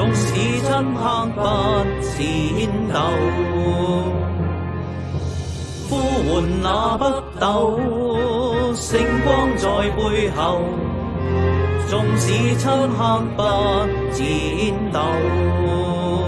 縱使漆黑不戰鬥，呼喚那北斗，星光在背後。縱使漆黑不戰鬥。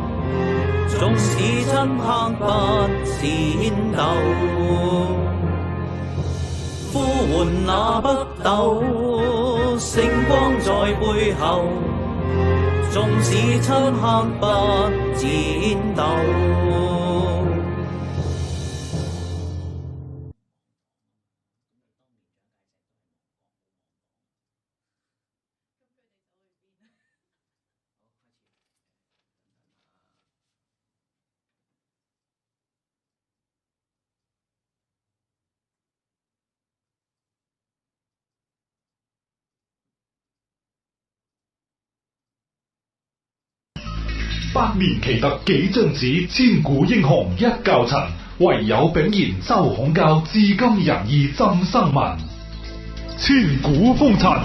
縱使漆黑不戰鬥，呼喚那北斗，星光在背後。縱使漆黑不戰鬥。百年奇特幾張紙，千古英雄一窖塵，唯有炳然周孔教，至今仁義浸生民。千古風塵。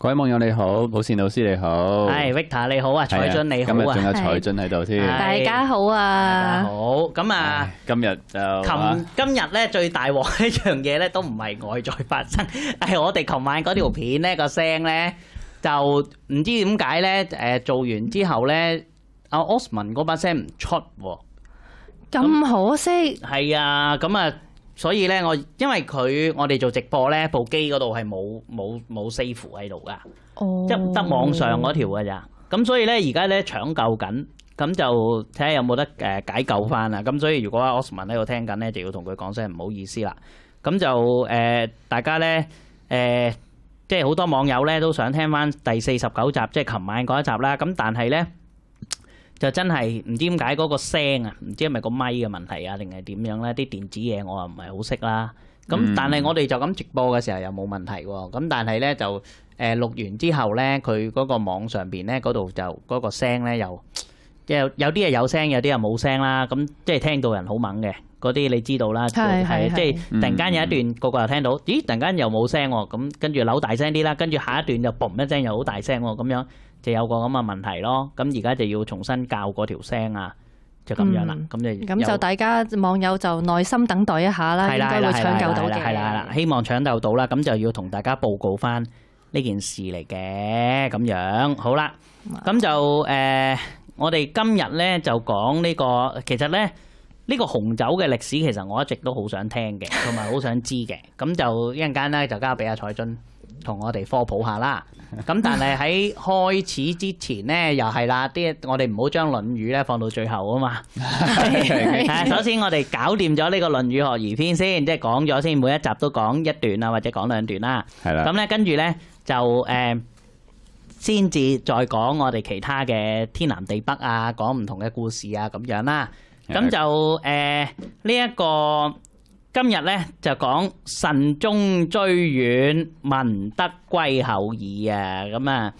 各位網友你好，寶善老師你好，係 Victor 你好啊，彩俊你好啊，今日仲有彩俊喺度添，大家好啊，好，咁啊，今日就，琴今日咧最大鑊一樣嘢咧，都唔係外在發生，係我哋琴晚嗰條片咧個聲咧，就唔知點解咧，誒做完之後咧，阿 Osman 嗰把聲唔出，咁可惜，係啊，咁啊。所以咧，我因為佢我哋做直播咧，部機嗰度係冇冇冇 save 喺度噶，即係得網上嗰條噶咋。咁所以咧，而家咧搶救緊，咁就睇下有冇得誒解救翻啦。咁所以如果阿 Osman 喺度聽緊咧，就要同佢講聲唔好意思啦。咁就誒，大家咧誒，即係好多網友咧都想聽翻第四十九集，即係琴晚嗰一集啦。咁但係咧。就真係唔知點解嗰個聲啊，唔知係咪個咪嘅問題啊，定係點樣咧？啲電子嘢我又唔係好識啦。咁但係我哋就咁直播嘅時候又冇問題喎。咁但係咧就誒錄完之後咧，佢嗰個網上面咧嗰度就嗰個聲咧又即係有啲係有聲，有啲又冇聲啦。咁即係聽到人好猛嘅嗰啲你知道啦，即係即係突然間有一段個個又聽到，咦突然間又冇聲喎。咁跟住扭大聲啲啦，跟住下一段就砰一聲又好大聲喎咁樣。就有個咁嘅問題咯，咁而家就要重新校嗰條聲啊，嗯、就咁樣啦。咁、嗯、就咁就大家網友就耐心等待一下啦，應該會搶救到係啦，希望搶救到啦。咁就要同大家報告翻呢件事嚟嘅，咁樣好啦。咁就誒，uh, 我哋今日咧就講呢、這個，其實咧呢、這個紅酒嘅歷史，其實我一直都好想聽嘅，同埋好想知嘅。咁 就一陣間咧就交俾阿彩樽，同我哋科普下啦，咁但係喺開始之前呢， 又係啦，啲我哋唔好將《論語》咧放到最後啊嘛。 首先我哋搞掂咗呢個《論語學而篇》先，即係講咗先，每一集都講一段啊，或者講兩段啦。咁咧的跟住呢，就誒、呃，先至再講我哋其他嘅天南地北啊，講唔同嘅故事啊咁樣啦。咁的就誒呢一個。今日咧就講慎終追遠，民德歸厚矣啊！咁啊，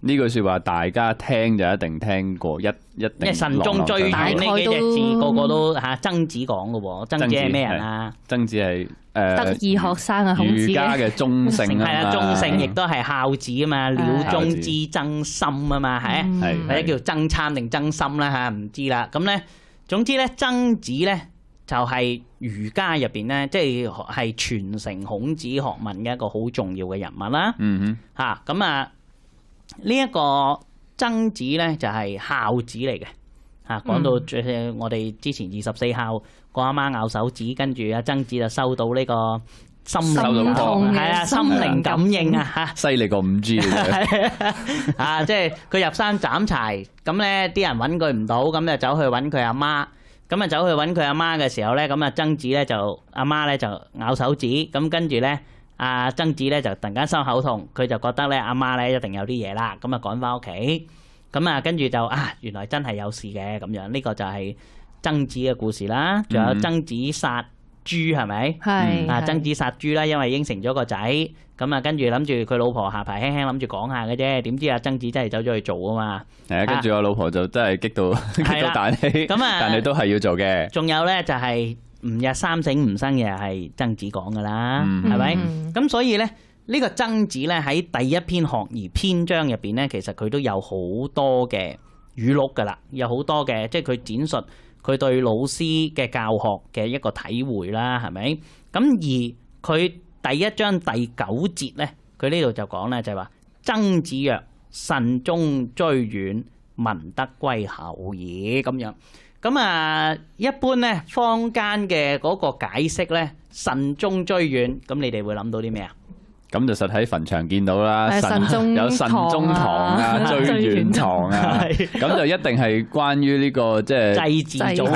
呢句說話大家聽就一定聽過，一一定。即係慎終追遠，呢幾隻字，個個都吓曾子講噶喎。曾子係咩人啊？曾子係誒，得意學生啊，孔子嘅宗聖啦，宗聖亦都係孝子啊嘛，了宗之曾心啊嘛，係或者叫曾參定曾心啦吓，唔知啦。咁咧，總之咧，曾子咧。就係儒家入邊咧，即係係傳承孔子學問嘅一個好重要嘅人物啦。嗯哼，吓咁啊，呢、這、一個曾子咧就係孝子嚟嘅。吓、啊，講到最我哋之前二十四孝，嗯、個阿媽咬手指，跟住阿曾子就收到呢個心靈係啊，啊，心靈感應啊吓，犀利過五 G 啊，即係佢入山斬柴，咁咧啲人揾佢唔到，咁就走去揾佢阿媽。咁啊，走去揾佢阿媽嘅時候咧，咁啊曾子咧就阿媽咧就咬手指，咁跟住咧阿曾子咧就突然間心口痛，佢就覺得咧阿媽咧一定有啲嘢啦，咁啊趕返屋企，咁啊跟住就啊原來真係有事嘅咁樣，呢、這個就係曾子嘅故事啦，仲有曾子殺嗯嗯豬係咪？係啊！嗯、係係曾子殺豬啦，因為應承咗個仔。咁啊，跟住諗住佢老婆下巴輕輕諗住講下嘅啫。點知啊，曾子真係走咗去做啊嘛。係啊，跟住我老婆就真係激到大氣。咁啊，啊但係都係要做嘅。仲有咧，就係吾日三省吾身嘅係曾子講嘅啦，係咪、嗯？咁、嗯嗯、所以咧，呢、呢個曾子咧喺第一篇學而篇章入邊咧，其實佢都有好多嘅語錄噶啦，有好多嘅，即係佢展述。佢對老師嘅教學嘅一個體會啦，係咪？咁而佢第一章第九節咧，佢呢度就講咧，就係話曾子曰：慎終追遠，民德歸厚矣。咁樣咁啊，一般咧，坊間嘅嗰個解釋咧，慎終追遠，咁你哋會諗到啲咩啊？咁就實喺墳場見到啦，的神，神有神宗堂啊、追遠堂啊，咁 就一定係關於呢、呢個即係祭祭祖、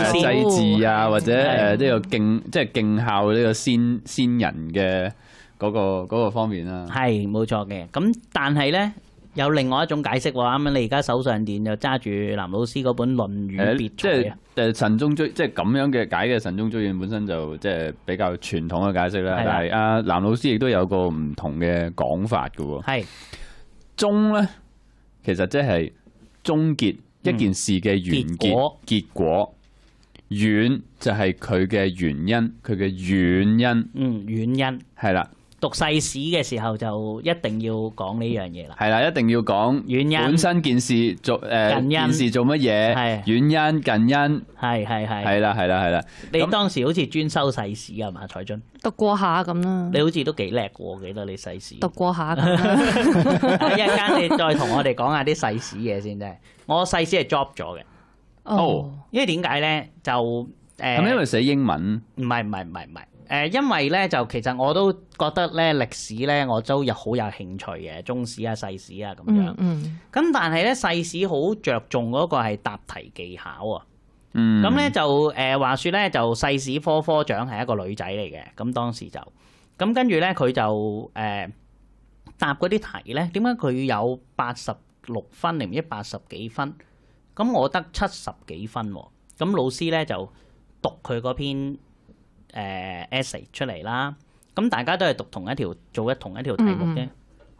祭祀啊，或者誒呢個敬即係的敬孝呢個先先人嘅嗰、嗰個嗰個方面啦、啊。係冇錯嘅。咁但係咧。有另外一種解釋喎，啱啱你而家手上連就揸住南老師嗰本《論語別裁》即係誒慎終追，即係咁樣嘅解嘅慎終追遠本身就即係比較傳統嘅解釋啦。係啊的，南老師亦都有個唔同嘅講法嘅喎。係的。終咧，其實即係終結一件事嘅完結、嗯、結果。遠就係佢嘅原因，佢嘅原因。嗯，原因。係啦。讀細史嘅時候就一定要講呢樣嘢啦。係啦，一定要講原因。本身件事做誒，件事做乜嘢？係原因、近因。係係係。係啦係啦係啦。你當時好似專修細史㗎嘛？彩俊讀過下咁啦。你好似都幾叻嘅喎，我記得你細史。讀過下。一陣間你再同我哋講下啲細史嘢先啫。我細史係 drop 咗嘅。哦。因為點解咧？就誒，係咪因為寫英文？唔係唔係唔係唔係。誒，因為咧就其實我都覺得咧歷史咧，我都有好有興趣嘅，中史啊、世史啊咁樣。嗯咁、mm hmm. 但係咧世史好着重嗰個係答題技巧啊。嗯、mm。咁、hmm. 咧就誒話説咧就世史科科長係一個女仔嚟嘅，咁當時就咁跟住咧佢就誒、欸、答嗰啲題咧，點解佢有八十六分，零唔知八十幾分？咁我得七十幾分喎。咁老師咧就讀佢嗰篇。誒 essay 出嚟啦，咁大家都係讀同一條做一同一條題目嘅。嗯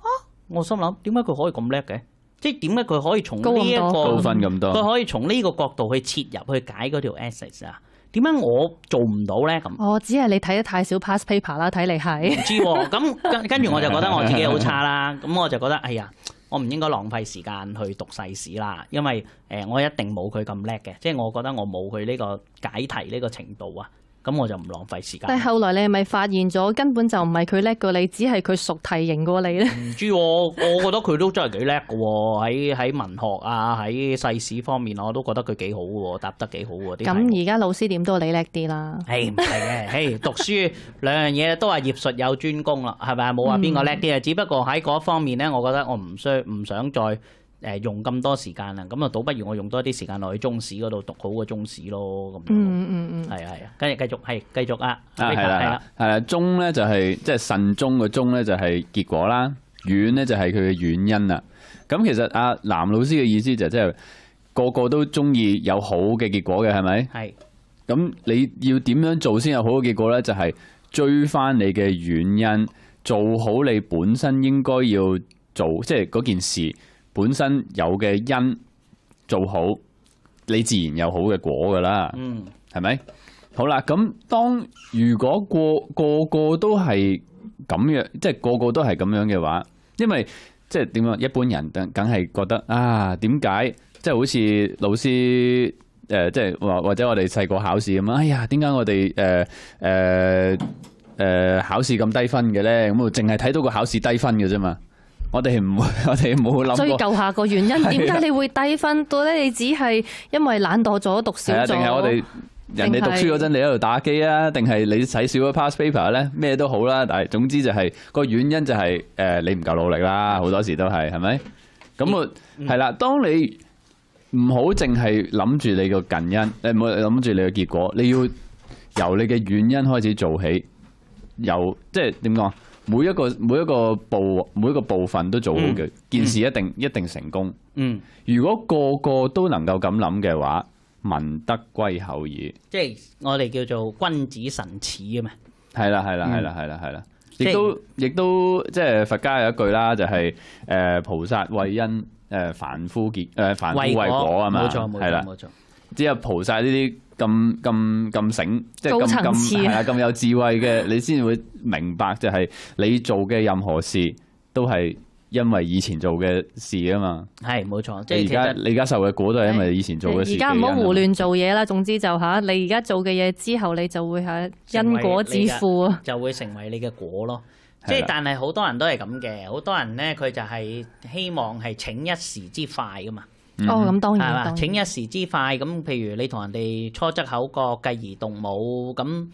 嗯，我心諗點解佢可以咁叻嘅？即係點解佢可以從呢、這個高分咁多？佢可以從呢個角度去切入去解嗰條 essay、嗯哦、 啊？點解我做唔到咧？咁我只係你睇得太少 pass paper 啦，睇嚟係知。咁跟住我就覺得我自己好差啦、啊。咁 我就覺得哎呀，我唔應該浪費時間去讀細史啦，因為誒、呃、我一定冇佢咁叻嘅。即、就、係、是、我覺得我冇佢呢個解題呢個程度啊。咁我就唔浪費時間。但係後來你係咪發現咗根本就唔係佢叻過你，只係佢熟題型過你咧？唔知喎、啊，我覺得佢都真係幾叻嘅喎，喺喺文學啊，喺世史方面我都覺得佢幾好嘅，答得幾好嘅。咁而家老師點都你叻啲啦？係唔係嘅？嘿，讀書兩樣嘢都係業術有專攻啦，係咪啊？冇話邊個叻啲啊？嗯、只不過喺嗰方面咧，我覺得我唔需唔想再誒用咁多時間啦，咁啊，倒不如我用多啲時間落去中史嗰度讀好個中史咯。咁樣、嗯，係、嗯、係啊，跟住繼續係繼續啊，係啦係啦，係啊的。終咧就係、是、即係慎終個終咧就係結果啦，遠咧就係佢嘅原因啦。咁其實啊，南老師嘅意思就即、是、係個個都中意有好嘅結果嘅，係咪？係的。咁你要點樣做先有好嘅結果咧？就係、是、追翻你嘅原因，做好你本身應該要做即係嗰件事。本身有嘅因做好，你自然有好嘅果噶啦，係咪、嗯？好啦，咁當如果個個個都係咁樣，即係個個都係咁樣嘅話，因為即係點樣？一般人梗梗係覺得啊，點解即係好似老師誒，即係或或者我哋細個考試咁樣？哎呀，點解我哋誒誒誒考試咁低分嘅咧？咁啊，淨係睇到個考試低分嘅啫嘛。我哋唔會，我哋冇諗過。追究下個原因，點解是的 你會低分？到底你只係因為懶惰咗，讀少咗？係定係我哋人哋讀書嗰陣，是你喺度打機啊？定係你睇少咗 past paper 咧？咩都好啦，但係總之就係、是、個原因就係、是、誒、呃，你唔夠努力啦，好多時都係，係咪？咁啊，係啦、嗯。當你唔好淨係諗住你個近因，要要你唔好諗住你個結果，你要由你嘅原因開始做起，由即係點講？每一個每一個部每一個部分都做好嘅件事，一定一定成功。嗯，如果個個都能夠咁諗嘅話，民德歸厚矣。即係我哋叫做君子慎始啊嘛。係啦，係啦，係啦，係啦，係啦，亦都亦都即係佛家有一句啦，就係誒菩薩畏因，誒凡夫結誒凡夫畏果啊嘛。冇錯冇錯，係啦冇錯。只有菩薩呢啲。咁咁咁醒，即係高層次啊！咁有智慧嘅， 你先會明白，就係、是、你做嘅任何事都係因為以前做嘅事啊嘛。係冇錯，即係而家而家受嘅果都係因為以前做嘅事。而家唔好胡亂做嘢啦。總之就吓、是，你而家做嘅嘢之後，你就會係因果自負啊，就會成為你嘅果咯。即係的但係好多人都係咁嘅，好多人咧佢就係希望係請一時之快㗎嘛。嗯、哦，咁當然啦。的請一時之快，咁譬如你同人哋初則口角，繼而動武。咁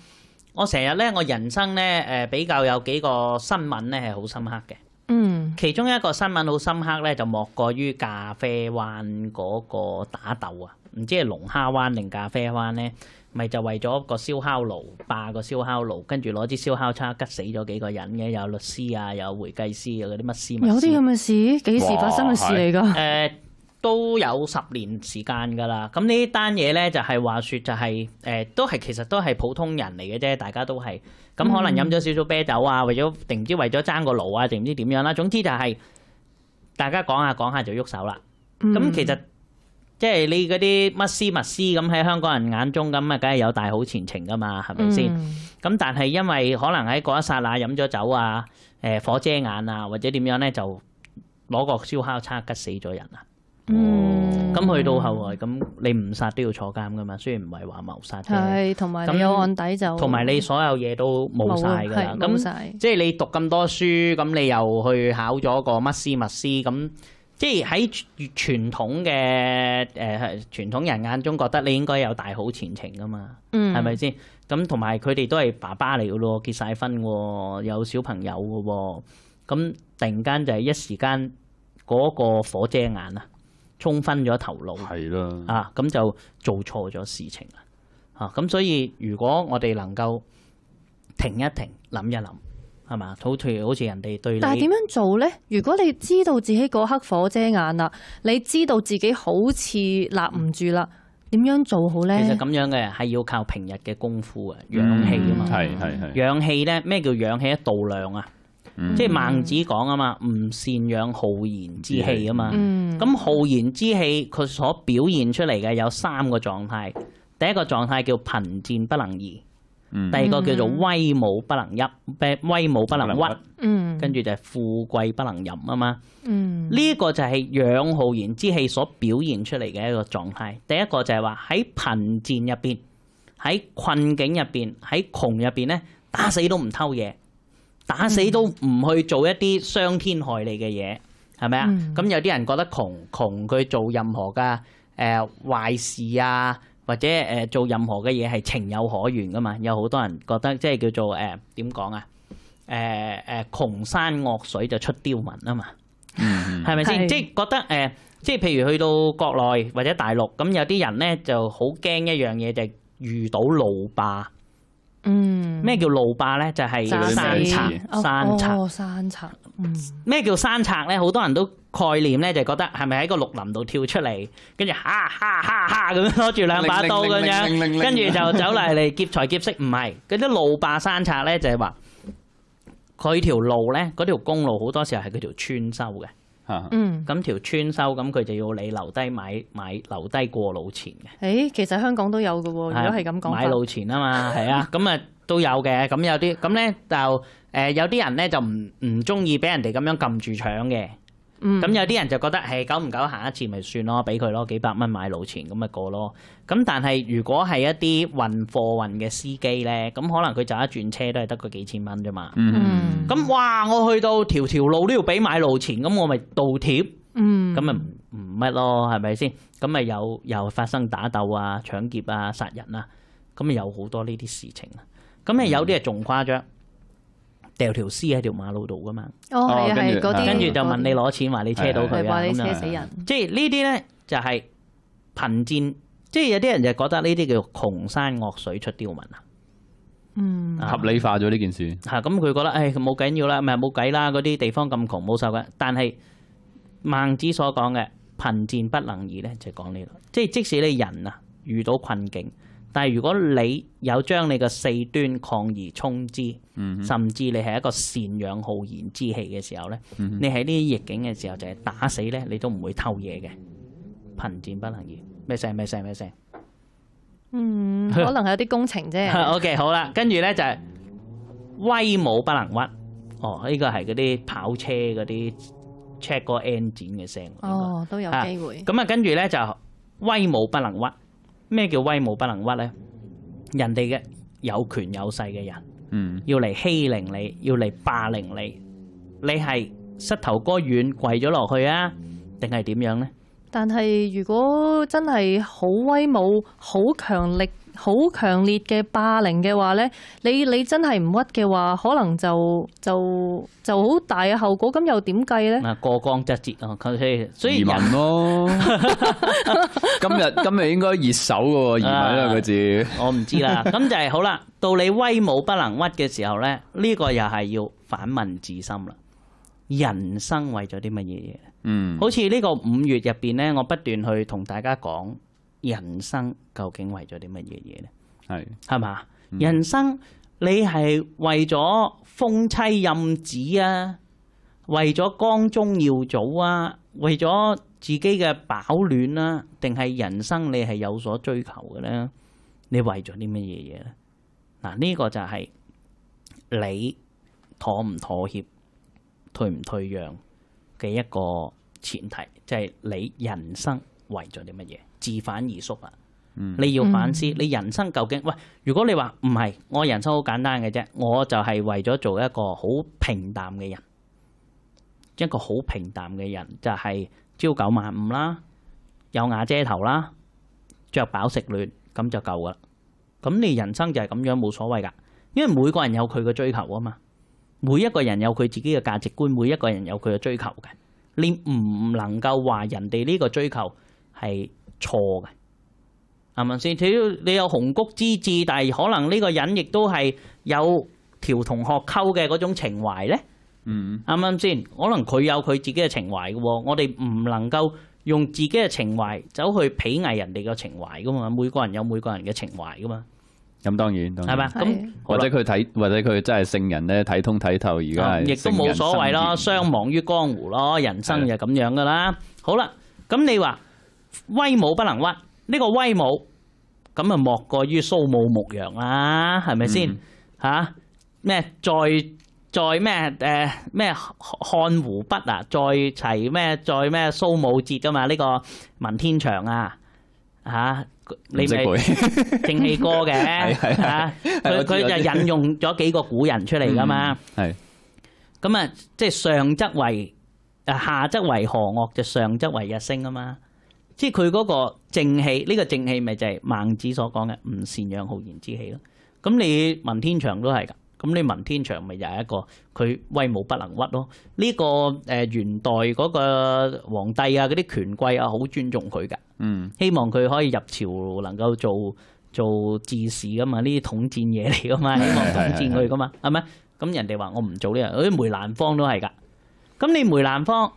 我成日咧，我人生咧，誒比較有幾個新聞咧係好深刻嘅。嗯，其中一個新聞好深刻咧，就莫過於咖啡灣嗰個打鬥啊！唔知係龍蝦灣定咖啡灣咧，咪就為咗個燒烤爐霸個燒烤爐，跟住攞支燒烤叉吉死咗幾個人嘅，有律師啊，有會計師啊，嗰啲乜事乜事？有啲咁嘅事，幾時發生嘅事嚟㗎？誒。都有十年時間㗎啦。咁呢單嘢咧就係話説，就係誒都係其實都係普通人嚟嘅啫。大家都係咁，可能飲咗少少啤酒啊，為咗定唔知為咗爭個爐啊，定唔知點樣啦、啊。總之就係大家講下講下就喐手啦。咁其實、嗯、即係你嗰啲乜絲乜絲咁喺香港人眼中咁啊，梗係有大好前程㗎嘛，係咪先？咁、嗯、但係因為可能喺嗰一剎那飲咗酒啊，誒火遮眼啊，或者點樣咧，就攞個燒烤叉吉死咗人啊！哦、嗯，咁去到後來，咁你誤殺都要坐監噶嘛，雖然唔係話謀殺啫。係同埋咁有案底就同埋你所有嘢都冇晒㗎啦。咁即係你讀咁多書，咁你又去考咗個乜斯密斯咁，即係喺傳統嘅誒、呃、傳統人眼中覺得你應該有大好前程㗎嘛，係咪先？咁同埋佢哋都係爸爸嚟嘅咯，結晒婚喎，有小朋友嘅喎，咁突然間就係一時間嗰個火遮眼啊！衝昏咗頭腦，係啦是的、啊，啊咁就做錯咗事情啦。啊咁所以如果我哋能夠停一停，諗一諗，係嘛？好似好似人哋對你，但係點樣做咧？如果你知道自己嗰刻火遮眼啦，你知道自己好似立唔住啦，點樣做好咧？其實咁樣嘅係要靠平日嘅功夫啊，養氣啊嘛。係係係。養氣咧，咩叫養氣一度量啊！嗯、即係孟子講啊嘛，唔善養浩然之氣啊嘛。咁浩、嗯、然之氣佢所表現出嚟嘅有三個狀態。第一個狀態叫貧賤不能移，第二個叫做威武不能屈，威武不能屈。跟住、嗯、就係富貴不能淫啊嘛。呢一、嗯、個就係養浩然之氣所表現出嚟嘅一個狀態。第一個就係話喺貧賤入邊，喺困境入邊，喺窮入邊咧，打死都唔偷嘢。打死都唔去做一啲傷天害理嘅嘢，係咪啊？咁、嗯、有啲人覺得窮窮佢做任何嘅誒、呃、壞事啊，或者誒、呃、做任何嘅嘢係情有可原㗎嘛？有好多人覺得即係叫做誒點講啊？誒、呃、誒、呃、窮山惡水就出刁民啊嘛，係咪先？即係覺得誒，即係譬如去到國內或者大陸，咁有啲人咧就好驚一樣嘢就遇到路霸。嗯，咩叫路霸咧？就係山賊，山賊，山賊。咩叫山賊咧？好多人都概念咧，就覺得係咪喺個綠林度跳出嚟，跟住，哈哈哈哈咁樣攞住兩把刀咁樣，跟住就走嚟嚟劫財劫色。唔係，啲路霸山賊咧，就係話佢條路咧，條公路好多時候係佢條村修嘅。嗯，咁條村收咁佢就要你留低買買留低過路錢嘅。誒、欸，其實香港都有嘅喎，如果係咁講。買路錢啊嘛，係啊， 咁啊都有嘅，咁有啲咁咧就誒有啲人咧就唔唔中意俾人哋咁樣撳住搶嘅。咁有啲人就覺得係久唔久行一次咪算咯，俾佢咯，幾百蚊買路錢咁咪過咯。咁但係如果係一啲運貨運嘅司機咧，咁可能佢就一轉車都係得佢幾千蚊啫嘛。咁哇、嗯，我去到條條路都要俾買路錢，咁我咪倒貼。咁咪唔乜咯，係咪先？咁咪有又發生打鬥啊、搶劫啊、殺人啊，咁咪有好多呢啲事情。咁咩有啲係仲誇張。嗯掉條屍喺條馬路度噶嘛？哦，係啊，跟住就問你攞錢，話些你車到佢，話你車死人。即係呢啲咧，就係貧賤。即係有啲人就覺得呢啲叫窮山惡水出刁民、嗯、啊嗯。嗯。合理化咗呢件事。吓、嗯，咁、嗯、佢、嗯嗯、覺得，誒、哎，冇緊要啦，咪冇計啦，嗰啲地方咁窮，冇受嘅。但係孟子所講嘅貧賤不能移咧，就係講呢度。即、就、係即使你人啊遇到困境。在家但係如果你有將你個四端抗而充之，嗯、哼甚至你係一個善養浩然之氣嘅時候咧，嗯、哼你喺呢啲逆境嘅時候就係打死咧，你都唔會偷嘢嘅。貧賤不能言咩聲咩聲咩聲？嗯，可能係有啲工程啫。 o、okay, K 好啦，跟住咧就威武不能屈。哦，呢個係嗰啲跑車嗰啲 check 嗰個 n 展嘅聲。哦，都有機會。咁啊，跟住咧就威武，武不能屈。咩叫威武不能屈咧？人哋嘅有權有勢嘅人，嗯、要嚟欺凌你，要嚟霸凌你，你係膝頭哥軟跪咗落去啊？定係點樣咧？但係如果真係好威武、好強力。好強烈嘅霸凌嘅話咧，你你真係唔屈嘅話，可能就就就好大嘅後果。咁又點計咧？過江則節啊！所以人咯。今日今日應該熱搜嘅喎，移民呢個字。我唔知啦。咁就係好啦。到你威武不能屈嘅時候咧，呢個又係要反問自心啦。人生為咗啲乜嘢嘢？嗯。好似呢個五月入邊咧，我不斷去同大家講。人生究竟為咗啲乜嘢嘢咧？係係嘛？嗯、人生你係為咗封妻蔭子啊，為咗光宗耀祖啊，為咗自己嘅飽暖啊，定係人生你係有所追求嘅呢？你為咗啲乜嘢嘢咧？嗱，呢個就係你妥唔妥協、退唔退讓嘅一個前提，就係、是、你人生為咗啲乜嘢？自反而縮啦，嗯、你要反思你人生究竟喂？如果你話唔係，我人生好簡單嘅啫，我就係為咗做一個好平淡嘅人，一個好平淡嘅人就係、是、朝九晚五啦，有瓦遮頭啦，着飽食暖咁就夠噶啦。咁你人生就係咁樣冇所謂噶，因為每個人有佢嘅追求啊嘛，每一個人有佢自己嘅價值觀，每一個人有佢嘅追求嘅，你唔能夠話人哋呢個追求係錯嘅，係咪先？只要你有鴻鵠之志，但係可能呢個人亦都係有條同學溝嘅嗰種情懷咧，嗯，啱唔啱先？可能佢有佢自己嘅情懷嘅，我哋唔能夠用自己嘅情懷走去鄙夷人哋嘅情懷噶嘛，每個人有每個人嘅情懷噶嘛。咁當然係嘛，咁或者佢睇，或者佢真係聖人咧，睇通睇透而家亦都冇所謂咯，相忘於江湖咯，人生就係咁樣噶啦。好啦，咁你話。威武不能屈呢，這個威武咁啊，莫過於蘇武牧羊啦，係咪先吓咩？再再咩？誒咩，呃？漢湖北啊？再齊咩？再咩？蘇武節啊嘛？呢個文天祥啊吓，啊，你咪正氣歌嘅，嗯，啊？佢佢就引用咗幾個古人出嚟噶嘛？係咁，嗯，啊，即係上則為誒，下則為河岳？就上則為日星啊嘛。即係佢嗰個正氣，呢個正氣咪就係孟子所講嘅唔善養浩然之氣咯。咁你文天祥都係噶，咁你文天祥咪就係一個佢威武不能屈咯。呢個誒元代嗰個皇帝啊、嗰啲權貴啊，好尊重佢噶。嗯，希望佢可以入朝能夠做做治事噶嘛，呢啲統戰嘢嚟噶嘛，希望統戰佢噶嘛，係咪？ 咁人哋話我唔做呢樣，嗰啲梅蘭芳都係噶。咁你梅蘭芳？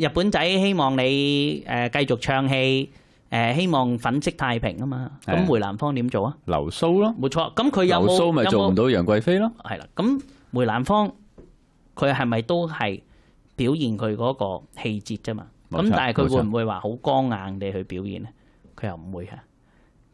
日本仔希望你誒繼續唱戲，誒希望粉飾太平啊嘛。咁梅蘭芳點做啊？留鬚咯，冇錯。咁佢有冇有冇？留鬚咪做唔到楊貴妃咯？係啦。咁梅蘭芳佢係咪都係表現佢嗰個氣節啫嘛？咁但係佢會唔會話好光硬地去表現咧？佢又唔會呀。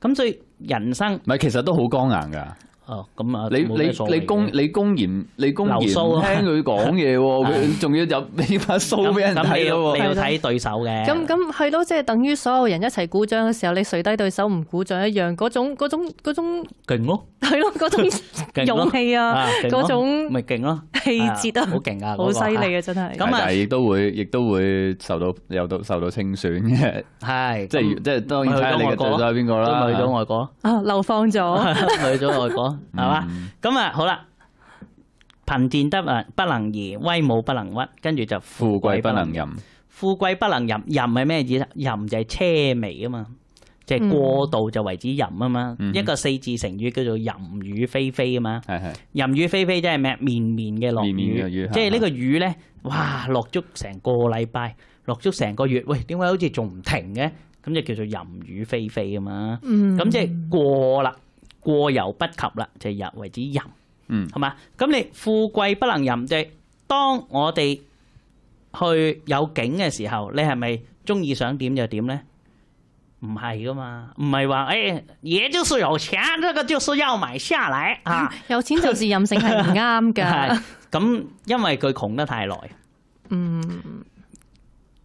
咁所以人生唔係其實都好光硬㗎。哦，咁啊，你你你公你公然你公然聽佢講嘢，佢仲要入呢把 show 俾人睇到，你要睇對手嘅。咁咁去到，即係等於所有人一齊鼓掌嘅時候，你垂低對手唔鼓掌一樣，嗰種嗰種嗰種勁咯，係咯，嗰種勇氣啊，嗰種咪勁咯，氣節啊，好勁啊，好犀利啊，真係。咁啊，亦都會亦都會受到有到受到清算嘅，係即係即係當然睇你嘅對手係邊個啦，去咗外國啊，流放咗，去咗外國。係嘛？咁啊、嗯，好啦，貧賤得不能移，威武不能屈，跟住就富貴不能淫。富貴不能淫，淫係咩意思？淫就係奢靡啊嘛，即係過度就為之淫啊嘛。嗯、哼一個四字成語叫做淫雨霏霏啊嘛。係係、嗯哼。淫雨霏霏真係咩？綿綿嘅落雨，綿綿雨即係呢個雨咧，哇，落足成個禮拜，落足成個月，喂，點解好似仲唔停嘅？咁就叫做淫雨霏霏啊嘛。嗯。咁、嗯、即係過啦。過猶不及啦，就又為之淫，嗯，係嘛？咁你富貴不能淫，即係當我哋去有景嘅時候，你係咪中意想點就點咧？唔係噶嘛，唔係話誒，就算有錢，呢個就是要買下嚟啊，有錢就是任性係唔啱噶。咁因為佢窮得太耐，嗯，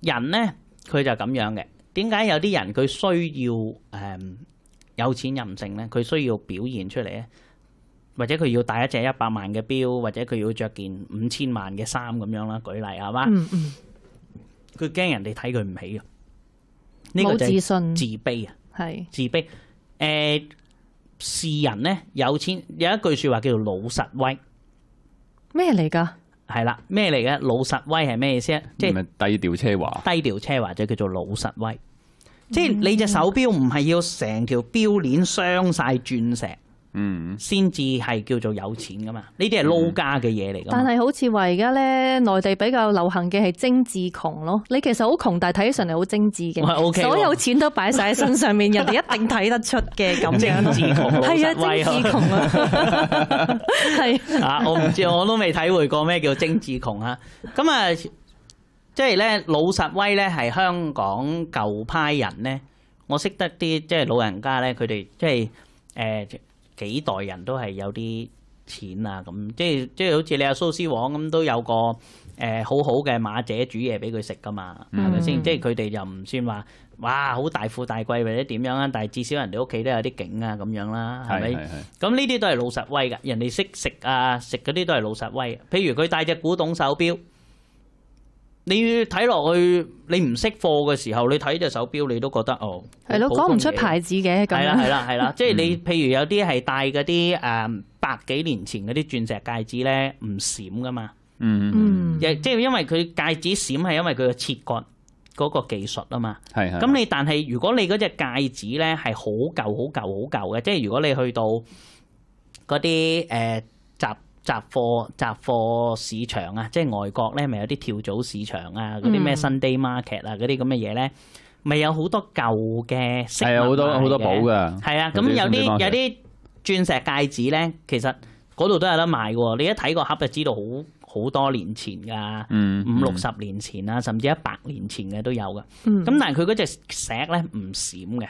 人咧佢就咁樣嘅。點解有啲人佢需要誒？有錢任性咧，佢需要表現出嚟咧，或者佢要戴一隻一百萬嘅表，或者佢要着件五千萬嘅衫咁樣啦。舉例係嘛？嗯？嗯嗯。佢驚人哋睇佢唔起啊！冇、這個、自，自信，自卑啊，係自卑。誒是，是、呃、人咧，有錢有一句説話、叫、就是、話叫做老實威，咩嚟㗎？係啦，咩嚟嘅？老實威係咩意思啊？即係低調奢華。低調奢華，或者叫做老實威。即係你隻手錶唔係要成條錶鏈鑲晒鑽石，嗯，先至係叫做有錢噶嘛？呢啲係撈家嘅嘢嚟㗎。但係好似話而家咧，內地比較流行嘅係精緻窮咯。哦。你其實好窮，但係睇起上嚟好精緻嘅，所有錢都擺晒喺身上面，人哋一定睇得出嘅咁樣。精係 啊，精緻窮啊。係啊，我唔知，我都未體會過咩叫精緻窮啊。咁啊。即係咧，老實威咧係香港舊派人咧，我識得啲即係老人家咧，佢哋即係誒、呃、幾代人都係有啲錢啊咁，即係即係好似你阿蘇斯王咁都有個誒、呃、好好嘅馬姐煮嘢俾佢食噶嘛，係咪先？即係佢哋就唔算話哇好大富大貴或者點樣啊，但係至少人哋屋企都有啲景啊咁樣啦，係咪？咁呢啲都係老實威㗎，人哋識食啊，食嗰啲都係老實威。譬如佢戴隻古董手錶。你睇落去，你唔識貨嘅時候，你睇隻手錶，你都覺得哦，係咯，講唔的出牌子嘅。係啦，係啦，係啦， 即係你，譬如有啲係戴嗰啲誒百幾年前嗰啲鑽石戒指咧，唔閃噶嘛。嗯嗯，即係因為佢戒指閃係因為佢嘅切割嗰個技術啊嘛。係。咁的你但係如果你嗰隻戒指咧係好舊、好舊、好舊嘅，即係如果你去到嗰啲誒集，呃雜貨雜貨市場啊，即係外國咧，咪有啲跳蚤市場啊，嗰啲咩 Sunday Market 啊，嗰啲咁嘅嘢咧，咪有好多舊嘅飾品嚟嘅。係啊，好多好多寶嘅。係、嗯、啊，咁有啲有啲鑽石戒指咧，其實嗰度都有得賣嘅。你一睇個盒就知道好，好好多年前㗎，五六十年前啊，甚至一百年前嘅都有嘅。咁但係佢嗰隻石咧唔閃嘅，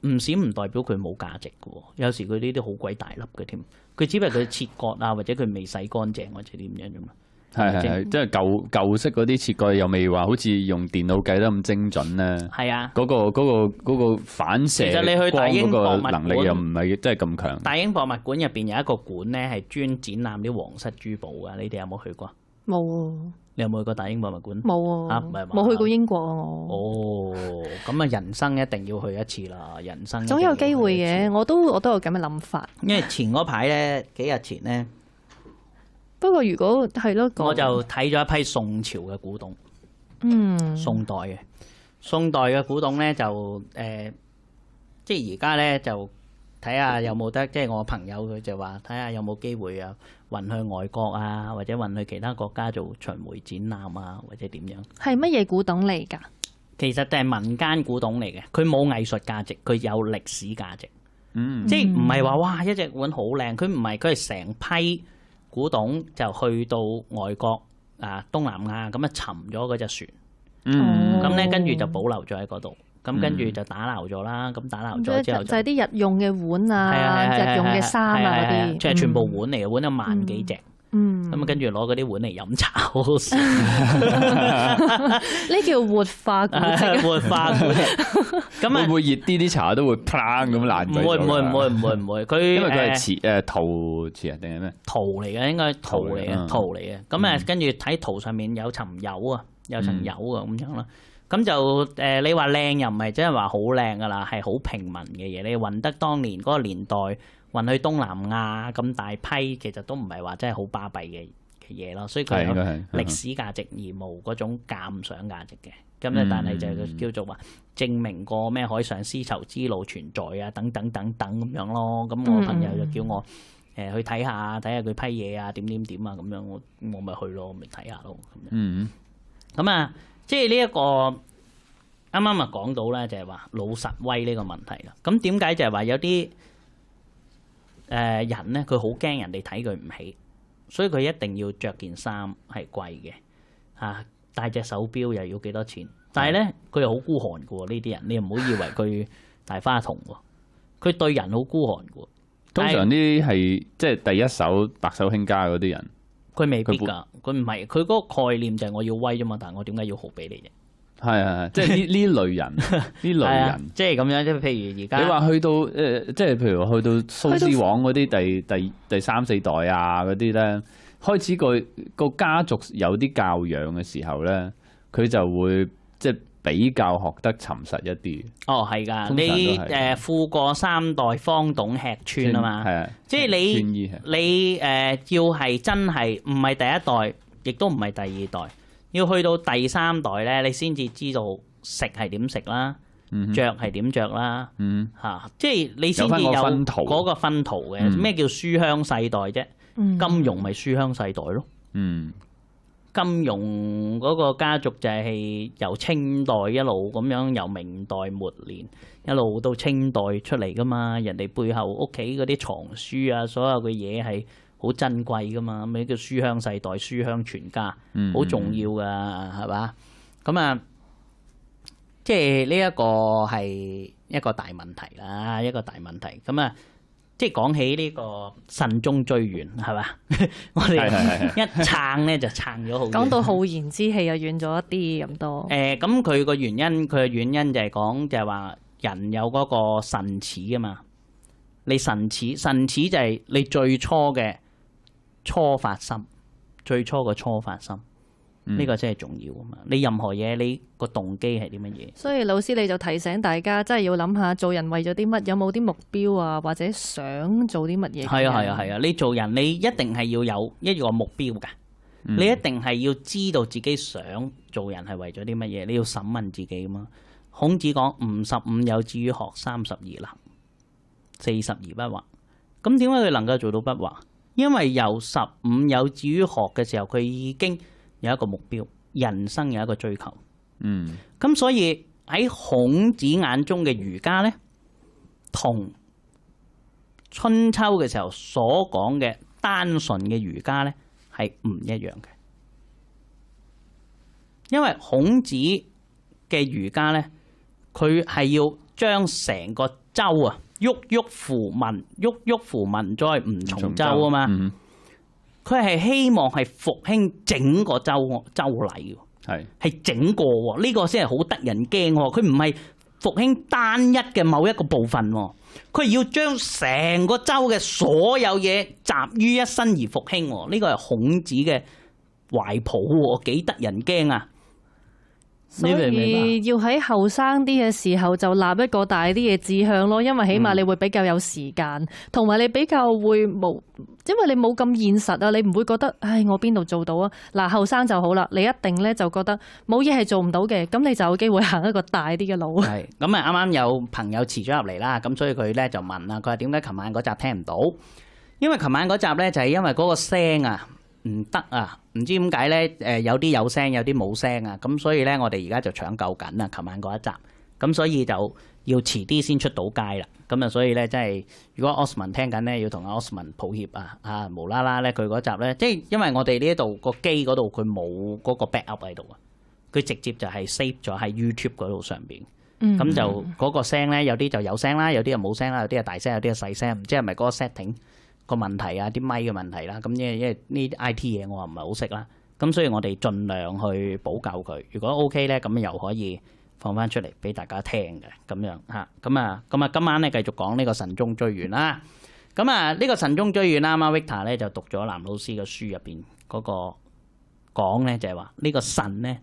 唔閃唔代表佢冇價值嘅。有時佢呢啲好鬼大粒嘅添。佢只係佢切割啊，或者佢未洗乾淨或者點樣啫嘛。係係係， 嗯、即係舊舊式嗰啲切割又未話好似用電腦計得咁精準咧。係啊、 嗰個，嗰、嗰個嗰個嗰個反射光，其實你去大英博物館，嗰個能力又唔係真係咁強。大英博物館入邊有一個館咧，係專展覽啲皇室珠寶啊。你哋有冇去過？冇。你有冇去過大英博物館？冇喎、啊，吓、啊，冇去過英國啊！哦，咁啊，人生一定要去一次啦，人生總有機會嘅，我都我都有咁嘅諗法。因為前嗰排咧，幾日前咧，不過如果係咯、那個，我就睇咗一批宋朝嘅古董，嗯宋，宋代嘅宋代嘅古董咧就，誒、呃，即係而家咧就睇下有冇得，即係、嗯、我個朋友佢就話睇下有冇機會啊。運去外國啊，或者運去其他國家做巡迴展覽啊，或者點樣？係乜嘢古董嚟㗎？其實就係民間古董嚟嘅，佢冇藝術價值，佢有歷史價值。嗯，即係唔係話哇一隻碗好靚？佢唔係，佢係成批古董，就去到外國啊，東南亞咁啊，沉咗嗰隻船。嗯，咁咧跟住就保留咗喺嗰度。咁跟住就打漏咗啦，咁打漏咗之後就即係啲日用嘅碗啊，日用嘅衫啊嗰啲，即係全部碗嚟嘅碗都萬幾隻。嗯，咁跟住攞嗰啲碗嚟飲茶，好好笑。呢叫活化罐，活化罐。咁啊會熱啲啲茶都會砰咁爛。唔會唔會唔會唔會唔會，佢因為佢係瓷誒陶瓷定係咩？陶嚟嘅，應該係陶嚟嘅，陶嚟嘅。咁啊，跟住睇陶上面有層油啊，有層油啊，咁樣啦。咁就誒，你話靚又唔係真係話好靚噶啦，係好平民嘅嘢。你運得當年嗰個年代運去東南亞咁大批，其實都唔係話真係好巴閉嘅嘅嘢咯。所以佢有歷史價值而冇嗰種鑑賞價值嘅。咁咧，但係就叫做話證明過咩海上絲綢之路存在啊，等等等等咁樣咯。咁我朋友就叫我誒去睇下睇下佢批嘢啊，點點點啊咁樣，我我咪去咯，咪睇下咯。嗯，咁啊。即係呢一個啱啱啊講到咧，就係話老實威呢個問題啦。咁點解就係話有啲誒人咧，佢好驚人哋睇佢唔起，所以佢一定要着件衫係貴嘅，戴隻手錶又要幾多錢。但係咧，佢又好孤寒嘅喎，呢啲人你唔好以為佢大花筒喎，佢對人好孤寒嘅喎。通常呢啲係即係第一手白手興家嗰啲人。佢未必噶，佢唔係，佢嗰個概念就係我要威啫嘛，但係我點解要好俾你啫？係係即係呢呢類人，呢 類人即係咁樣，即係譬如而家，你話去到誒、呃，即係譬如去到蘇氏王嗰啲第第第三四代啊嗰啲咧，開始個個家族有啲教養嘅時候咧，佢就會即係。比較學得沉實一啲。哦，係㗎，你誒富過三代方懂吃穿啊嘛。係啊，即係你你誒要係真係唔係第一代，亦都唔係第二代，要去到第三代咧，你先至知道食係點食啦，着係點着啦。嗯，嚇，即係你先至有嗰個分途嘅。咩叫書香世代啫？金融咪書香世代咯。嗯。金庸嗰個家族就係由清代一路咁樣，由明代末年一路到清代出嚟噶嘛。人哋背後屋企嗰啲藏書啊，所有嘅嘢係好珍貴噶嘛。咩叫書香世代、書香全家，好重要噶，係嘛？咁啊，即係呢一個係一個大問題啦，一個大問題咁啊。即係講起呢個慎終追遠，係嘛？ 我哋一撐咧就撐咗好。講 到浩然之氣又遠咗一啲咁多。誒、 欸，咁佢個原因，佢個原因就係講就係話人有嗰個神似啊嘛。你神似神似就係你最初嘅初發心，最初嘅初發心。呢、嗯、個真係重要啊！嘛，你任何嘢，你個動機係啲乜嘢？所以老師你就提醒大家，真係要諗下做人為咗啲乜，有冇啲目標啊？或者想做啲乜嘢？係、嗯、啊，係啊，係啊！你做人，你一定係要有一個目標噶嗯、你一定係要知道自己想做人係為咗啲乜嘢。你要審問自己啊嘛。孔子講五十五有志於學，三十而立，四十而不惑。咁點解佢能夠做到不惑？因為由十五有志於學嘅時候，佢已經。有一個目標，人生有一個追求。嗯，咁所以喺孔子眼中嘅儒家呢，同春秋嘅時候所講嘅單純嘅儒家呢，係唔一樣嘅，因為孔子嘅儒家呢，佢係要將成個周啊，郁郁乎文，郁郁乎文，再唔從周啊嘛。佢係希望係復興整個周周禮，係係整個喎，呢個先係好得人驚喎。佢唔係復興單一嘅某一個部分，佢要將成個周嘅所有嘢集於一身而復興。呢個係孔子嘅懷抱，幾得人驚啊！所以要喺後生啲嘅時候就立一個大啲嘅志向咯，因為起碼你會比較有時間，同埋、嗯、你比較會冇，因為你冇咁現實啊，你唔會覺得，唉，我邊度做到啊？嗱，後生就好啦，你一定咧就覺得冇嘢係做唔到嘅，咁你就有機會行一個大啲嘅路。係，咁啊，啱啱有朋友遲咗入嚟啦，咁所以佢咧就問啦，佢話點解琴晚嗰集聽唔到？因為琴晚嗰集咧就係因為嗰個聲啊。唔得啊！唔知點解咧？誒有啲有聲，有啲冇聲啊！咁所以咧，我哋而家就搶救緊啊，琴晚嗰一集，咁所以就要遲啲先出到街啦。咁啊，所以咧真係，如果 Osman 聽緊咧，要同阿 Osman 抱歉啊！啊無啦啦咧，佢嗰集咧，即係因為我哋呢一度個機嗰度佢冇嗰個 backup 喺度啊，佢直接就係 save 咗喺 YouTube 嗰度上邊。嗯，咁就嗰個聲咧，有啲就有聲啦，有啲又冇聲啦，有啲又大聲，有啲又細聲，唔知係咪嗰個 setting？個問題啊，啲咪嘅問題啦，咁因為呢啲 I T 嘢我話唔係好識啦，咁所以我哋盡量去補救佢。如果 O K 咧，咁又可以放翻出嚟俾大家聽嘅咁樣吓，咁啊，咁啊，今晚咧繼續講呢個慎終追遠啦。咁啊，呢個慎終追遠啦，阿 Vita 咧就讀咗藍老師嘅書入邊嗰個講咧、這個，就係話呢個慎咧，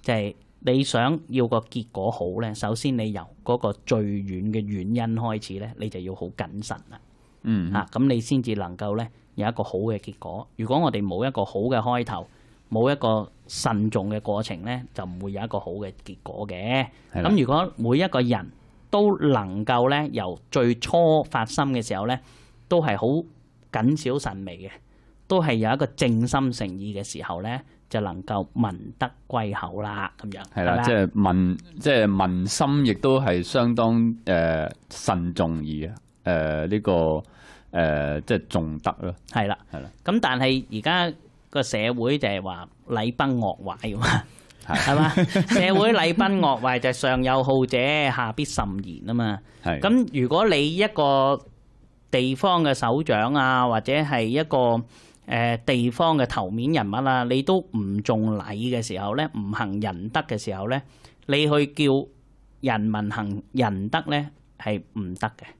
就係你想要個結果好咧，首先你由嗰個最遠嘅原因開始咧，你就要好謹慎啦。嗯，啊，咁你先至能夠咧有一個好嘅結果。如果我哋冇一個好嘅開頭，冇一個慎重嘅過程咧，就唔會有一個好嘅結果嘅。咁如果每一個人都能夠咧由最初發心嘅時候咧，都係好謹小慎微嘅，都係有一個正心誠意嘅時候咧，就能夠民德歸厚啦，咁樣。係啦，即係民，即係民心，亦都係相當誒慎重意啊。誒，呢個誒，即係重德咯，係啦，係啦。咁但係而家個社會就係話禮崩樂壞啊，係嘛？社會禮崩樂壞就係上有好者，下必甚言啊嘛。咁如果你一個地方嘅首長啊，或者係一個誒地方嘅頭面人物啊，你都唔重禮嘅時候咧，唔行仁德嘅時候咧，你去叫人民行仁德咧，係唔得嘅。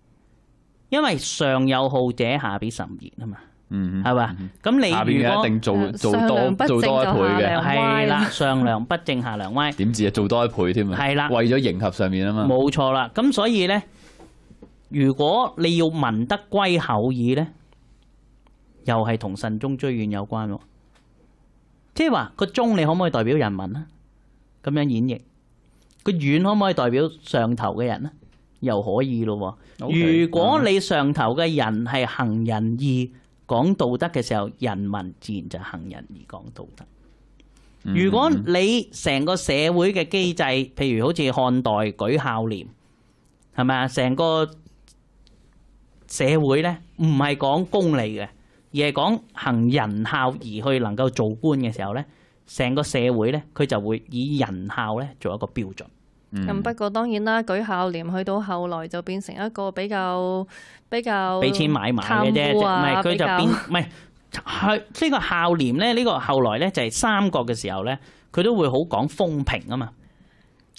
因為上有好者，下必甚焉啊嘛，係嘛？咁你下邊嘅一定做做多做多一倍嘅，係啦。上樑不正，下樑歪。點知啊？做多一倍添啊！係啦，為咗迎合上面啊嘛。冇錯啦。咁所以咧，如果你要民德歸厚矣咧，又係同慎終追遠有關。即係話個終，你可唔可以代表人民啊？咁樣演繹個遠，可唔可以代表上頭嘅人呢？又可以咯喎！如果你上頭嘅人係行仁義、講道德嘅時候，人民自然就係行仁義、講道德。如果你成個社會嘅機制，譬如好似漢代舉孝廉，係咪啊？成個社會咧，唔係講功利嘅，而係講行仁孝而去能夠做官嘅時候咧，成個社會咧，佢就會以仁孝咧做一個標準。咁、嗯、不過當然啦，舉孝廉去到後來就變成一個比較比較畀錢買買嘅啫，唔係佢就變唔係，係呢比較、呢個孝廉咧，呢、呢個後來咧就係三國嘅時候咧，佢都會好講風評啊嘛。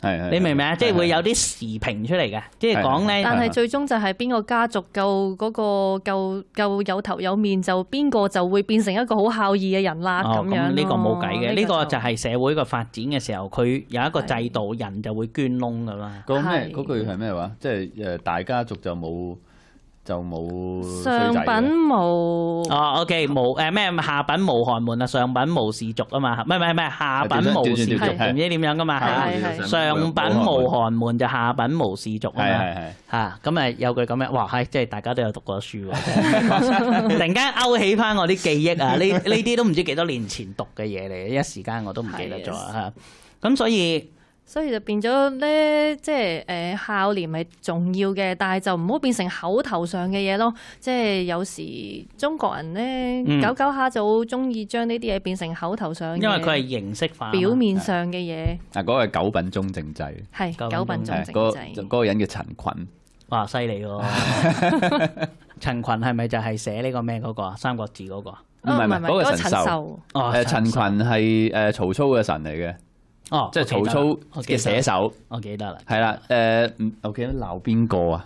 係， 你明唔明啊？即係會有啲時評出嚟嘅，即係講咧。但係最終就係邊個家族夠嗰、嗰個夠夠有頭有面，就邊個就會變成一個好孝義嘅人啦。哦，咁呢個冇計嘅，呢個就係社會個發展嘅時候，佢有一個制度，人就會捐窿噶啦。嗰咩？嗰句係咩話？即係誒，那個就是，大家族就冇。就冇上品冇哦，OK 冇誒咩下品冇寒門啊，上品冇士族啊嘛，唔係唔係唔係下品冇士族，唔知點樣噶嘛，上品冇寒門就下品冇士族啊嘛嚇。咁誒有句咁嘅，哇係即係大家都有讀過書喎，突然間勾起返我啲記憶啊，呢呢啲都唔知幾多年前讀嘅嘢嚟，一時間我都唔記得咗嚇，咁所以。所以就變咗咧，即係誒孝廉係重要嘅，但係就唔好變成口頭上嘅嘢咯。即係有時中國人咧，搞搞下就中意將呢啲嘢變成口頭上。因為佢係形式化，表面上嘅嘢。嗱，嗰個九品中正制係九品中正制，嗰個人叫陳群。哇，犀利喎！陳群係咪就係寫呢個咩嗰個啊？三國志嗰個？唔係唔係嗰個陳壽。哦，陳群係誒曹操嘅神嚟嘅。哦，即係曹操嘅寫手我，我記得啦，係啦，誒，我記得鬧邊個啊？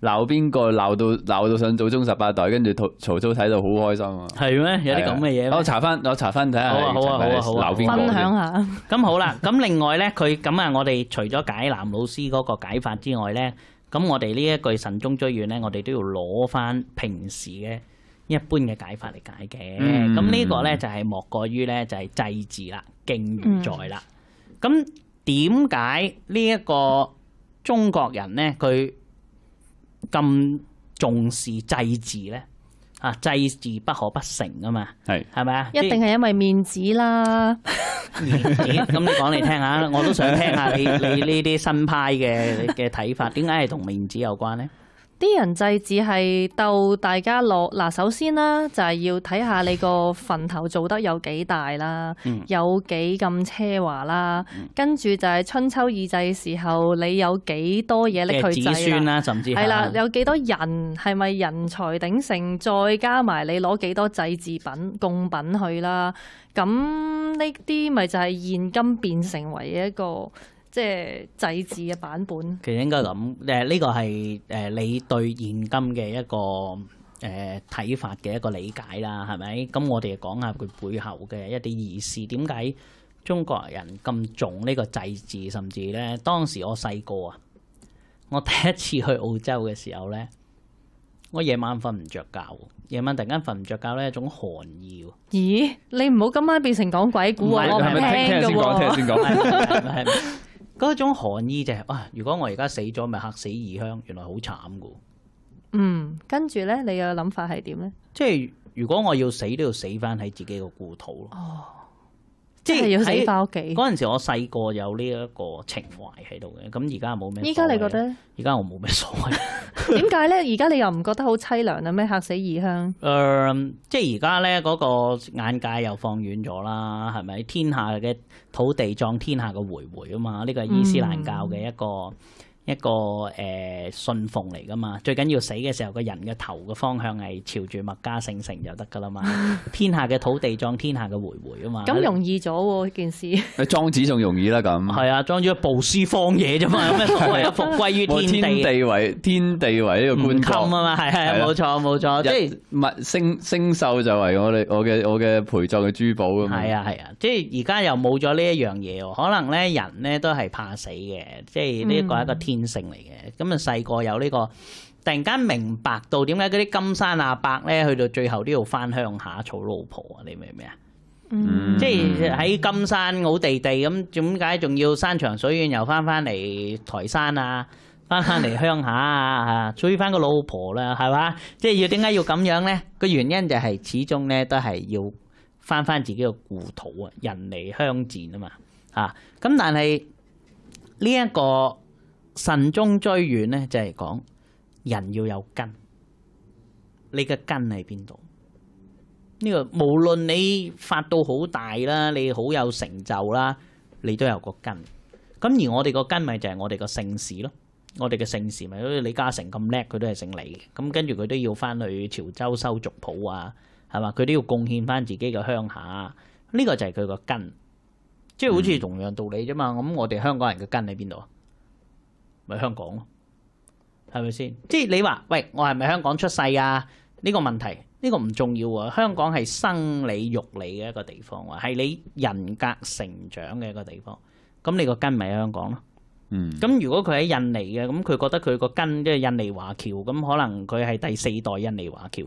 鬧邊個鬧到鬧到上祖宗十八代，跟住曹曹操睇到好開心啊！係咩？有啲咁嘅嘢？我查翻，我查翻睇下。看看好啊，好啊，好啊，好啊！啊分享下。咁 好啦，咁另外咧，佢咁啊，我哋除咗解難老師嗰個解法之外咧，咁我哋呢一句慎終追遠咧，我哋都要攞翻平時嘅一般嘅解法嚟解嘅。咁呢、嗯嗯、個咧就係莫過於咧就係祭祀啦，敬如在啦。嗯咁點解呢一個中國人咧，佢咁重視祭祀咧？啊，祭祀不可不誠啊嘛，係係咪啊？吧一定係因為面子啦。 面子？咁你講嚟聽下，我都想聽下你你呢啲新派嘅嘅睇法，點解係同面子有關咧？啲人祭祀係鬥大家攞嗱，首先啦就係要睇下你個墳頭做得有幾大啦，嗯、有幾咁奢華啦，跟住、嗯、就係春秋二祭時候你有幾多嘢拎去祭算啦、嗯啊，甚至係啦，有幾多人係咪人才鼎盛，再加埋你攞幾多祭祀品供品去啦，咁呢啲咪就係現今變成為一個。即係祭祀嘅版本，其實應該咁。誒呢個係誒你對現今嘅一個誒睇、呃、法嘅一個理解啦，係咪？咁我哋講下佢背後嘅一啲意思。點解中國人咁重呢個祭祀？甚至咧，當時我細個啊，我第一次去澳洲嘅時候咧，我夜晚瞓唔着覺，夜晚突然間瞓唔着覺咧，一種寒意。咦？你唔好今晚變成講鬼故啊！是我唔聽嘅喎？嗰一種寒意就係：哇！如果我而家死咗，咪客死異鄉，原來好慘噶。嗯，跟住呢，你嘅諗法係點呢？即係如果我要死都要死翻喺自己個故土咯。哦。即係要死翻屋企。嗰陣時我細個有呢一個情懷喺度嘅，咁而家冇咩。依家你覺得？而家我冇咩所謂 呢。點解咧？而家你又唔覺得好凄涼啊？咩嚇死異鄉？誒、呃，即係而家咧，嗰個眼界又放遠咗啦，係咪？天下嘅土地葬天下嘅回回啊嘛，呢個係伊斯蘭教嘅一個、嗯。一個誒信奉嚟㗎嘛，最緊要死嘅時候個人嘅頭嘅方向係朝住麥加聖城就得㗎啦嘛，天下嘅土地葬天下嘅回回啊嘛，咁容易咗喎件事。莊子仲容易啦咁。係啊，裝住一部書荒野啫嘛，咩富貴於天地為天地為呢個觀。唔冚啊嘛，係係冇錯冇錯，即係物星星獸就為我哋我嘅我嘅陪葬嘅珠寶㗎嘛。係啊係啊，即係而家又冇咗呢一樣嘢，可能咧人咧都係怕死嘅，即係呢一個一個天。天性嚟嘅，咁啊細個有呢、這個，突然間明白到點解嗰啲金山阿伯咧，去到最後都要翻鄉下娶老婆啊？你明唔明啊？嗯、即係喺金山好地地咁，點解仲要山長水遠又翻翻嚟台山啊？翻翻嚟鄉下 啊，娶翻個老婆啦，係嘛？即係要點解要咁樣咧？個原因就係始終咧都係要翻翻自己嘅故土啊，人離鄉賤啊嘛，吓咁。但係呢一個。慎終追遠咧，就係講人要有根。你嘅根喺邊度？呢個無論你發到好大啦，你好有成就啦，你都有個根。咁而我哋個根咪就係我哋個姓氏咯。我哋嘅姓氏咪好似李嘉誠咁叻，佢都係姓李。咁跟住佢都要翻去潮州收族譜啊，係嘛？佢都要貢獻翻自己嘅鄉下。呢個就係佢個根，即係好似同樣道理啫嘛。咁、嗯、我哋香港人嘅根喺邊度啊？咪香港咯，係咪先？即係你話喂，我係咪香港出世啊？呢個問題呢個唔重要啊！香港係生你育你嘅一個地方啊，係你人格成長嘅一個地方。咁你個根咪喺香港咯？嗯。咁如果佢喺印尼嘅，咁佢覺得佢個根即係印尼華僑，咁可能佢係第四代印尼華僑，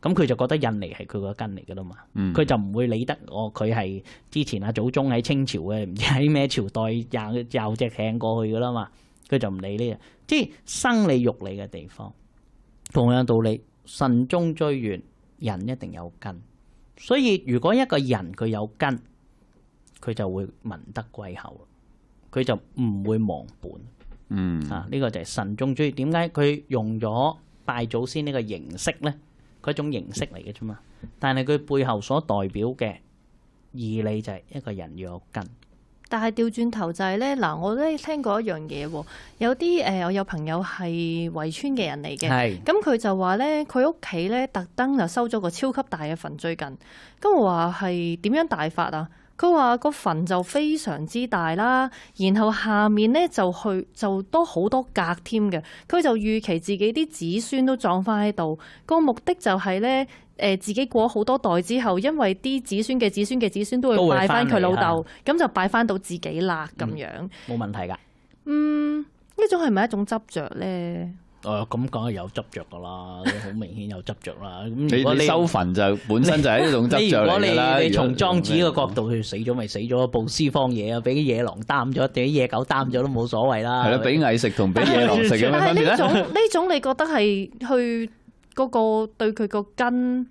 咁佢就覺得印尼係佢個根嚟噶啦嘛。佢就唔會理得我，佢、哦、係之前阿祖宗喺清朝嘅，唔知喺咩朝代有有隻艇過去噶啦嘛。佢就唔理呢樣，即係生你育你嘅地方，同樣道理，慎終追遠，人一定有根。所以如果一個人佢有根，佢就會民德歸厚，佢就唔會忘本。嗯，啊，呢、這個就係慎終追遠。點解佢用咗拜祖先呢個形式咧？佢一種形式嚟嘅啫嘛。但係佢背後所代表嘅義理就係一個人要有根。但係調轉頭就係咧，嗱，我都聽過一樣嘢喎。有啲誒、呃，我有朋友係圍村嘅人嚟嘅，咁佢是就話咧，佢屋企咧特登就收咗個超級大嘅墳最近，咁我話係點樣大法啊？佢話個墳就非常之大啦，然後下面咧就去就多好多格添嘅，佢就預期自己啲子孫都葬翻喺度，個目的就係咧誒自己過好多代之後，因為啲子孫嘅子孫嘅子，子孫都會拜翻佢老豆，咁就拜翻到自己啦咁樣。冇、嗯、問題㗎。嗯，呢種係咪一種執着咧？我咁梗係有執着噶啦，好明顯有執着啦。咁你， 你，你修墳就本身就係一種執着。 如果你你從莊子個角度去死咗，咪死咗啊！布施荒野啊，俾啲野狼擔咗，俾啲野狗擔咗都冇所謂啦。係啦，俾蟻食同俾野狼食咁但咧。 呢種呢種你覺得係去嗰個對佢個根？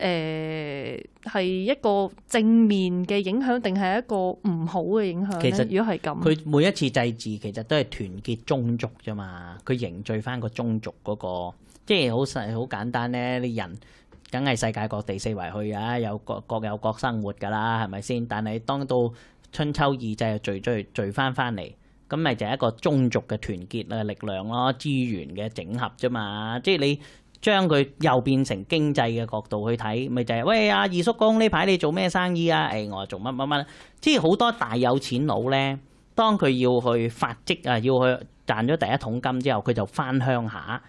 誒係一個正面嘅影響，定係一個唔好嘅影響咧？其實如果係咁，佢每一次祭祀其實都係團結宗族啫嘛。佢凝聚翻個宗族嗰個，即係好細好簡單咧。啲人梗係世界各地四圍去啊，有各各有各生活㗎啦，係咪先？但係當到春秋二制聚聚聚翻翻嚟，咁咪就係一個宗族嘅團結嘅力量咯，資源嘅整合啫嘛。即係你。將佢又變成經濟嘅角度去睇，咪就係、是、喂阿二叔公呢排你做咩生意啊？誒、哎、我做乜乜乜，即係好多大有錢佬咧，當佢要去發跡啊，要去賺咗第一桶金之後，佢就返鄉下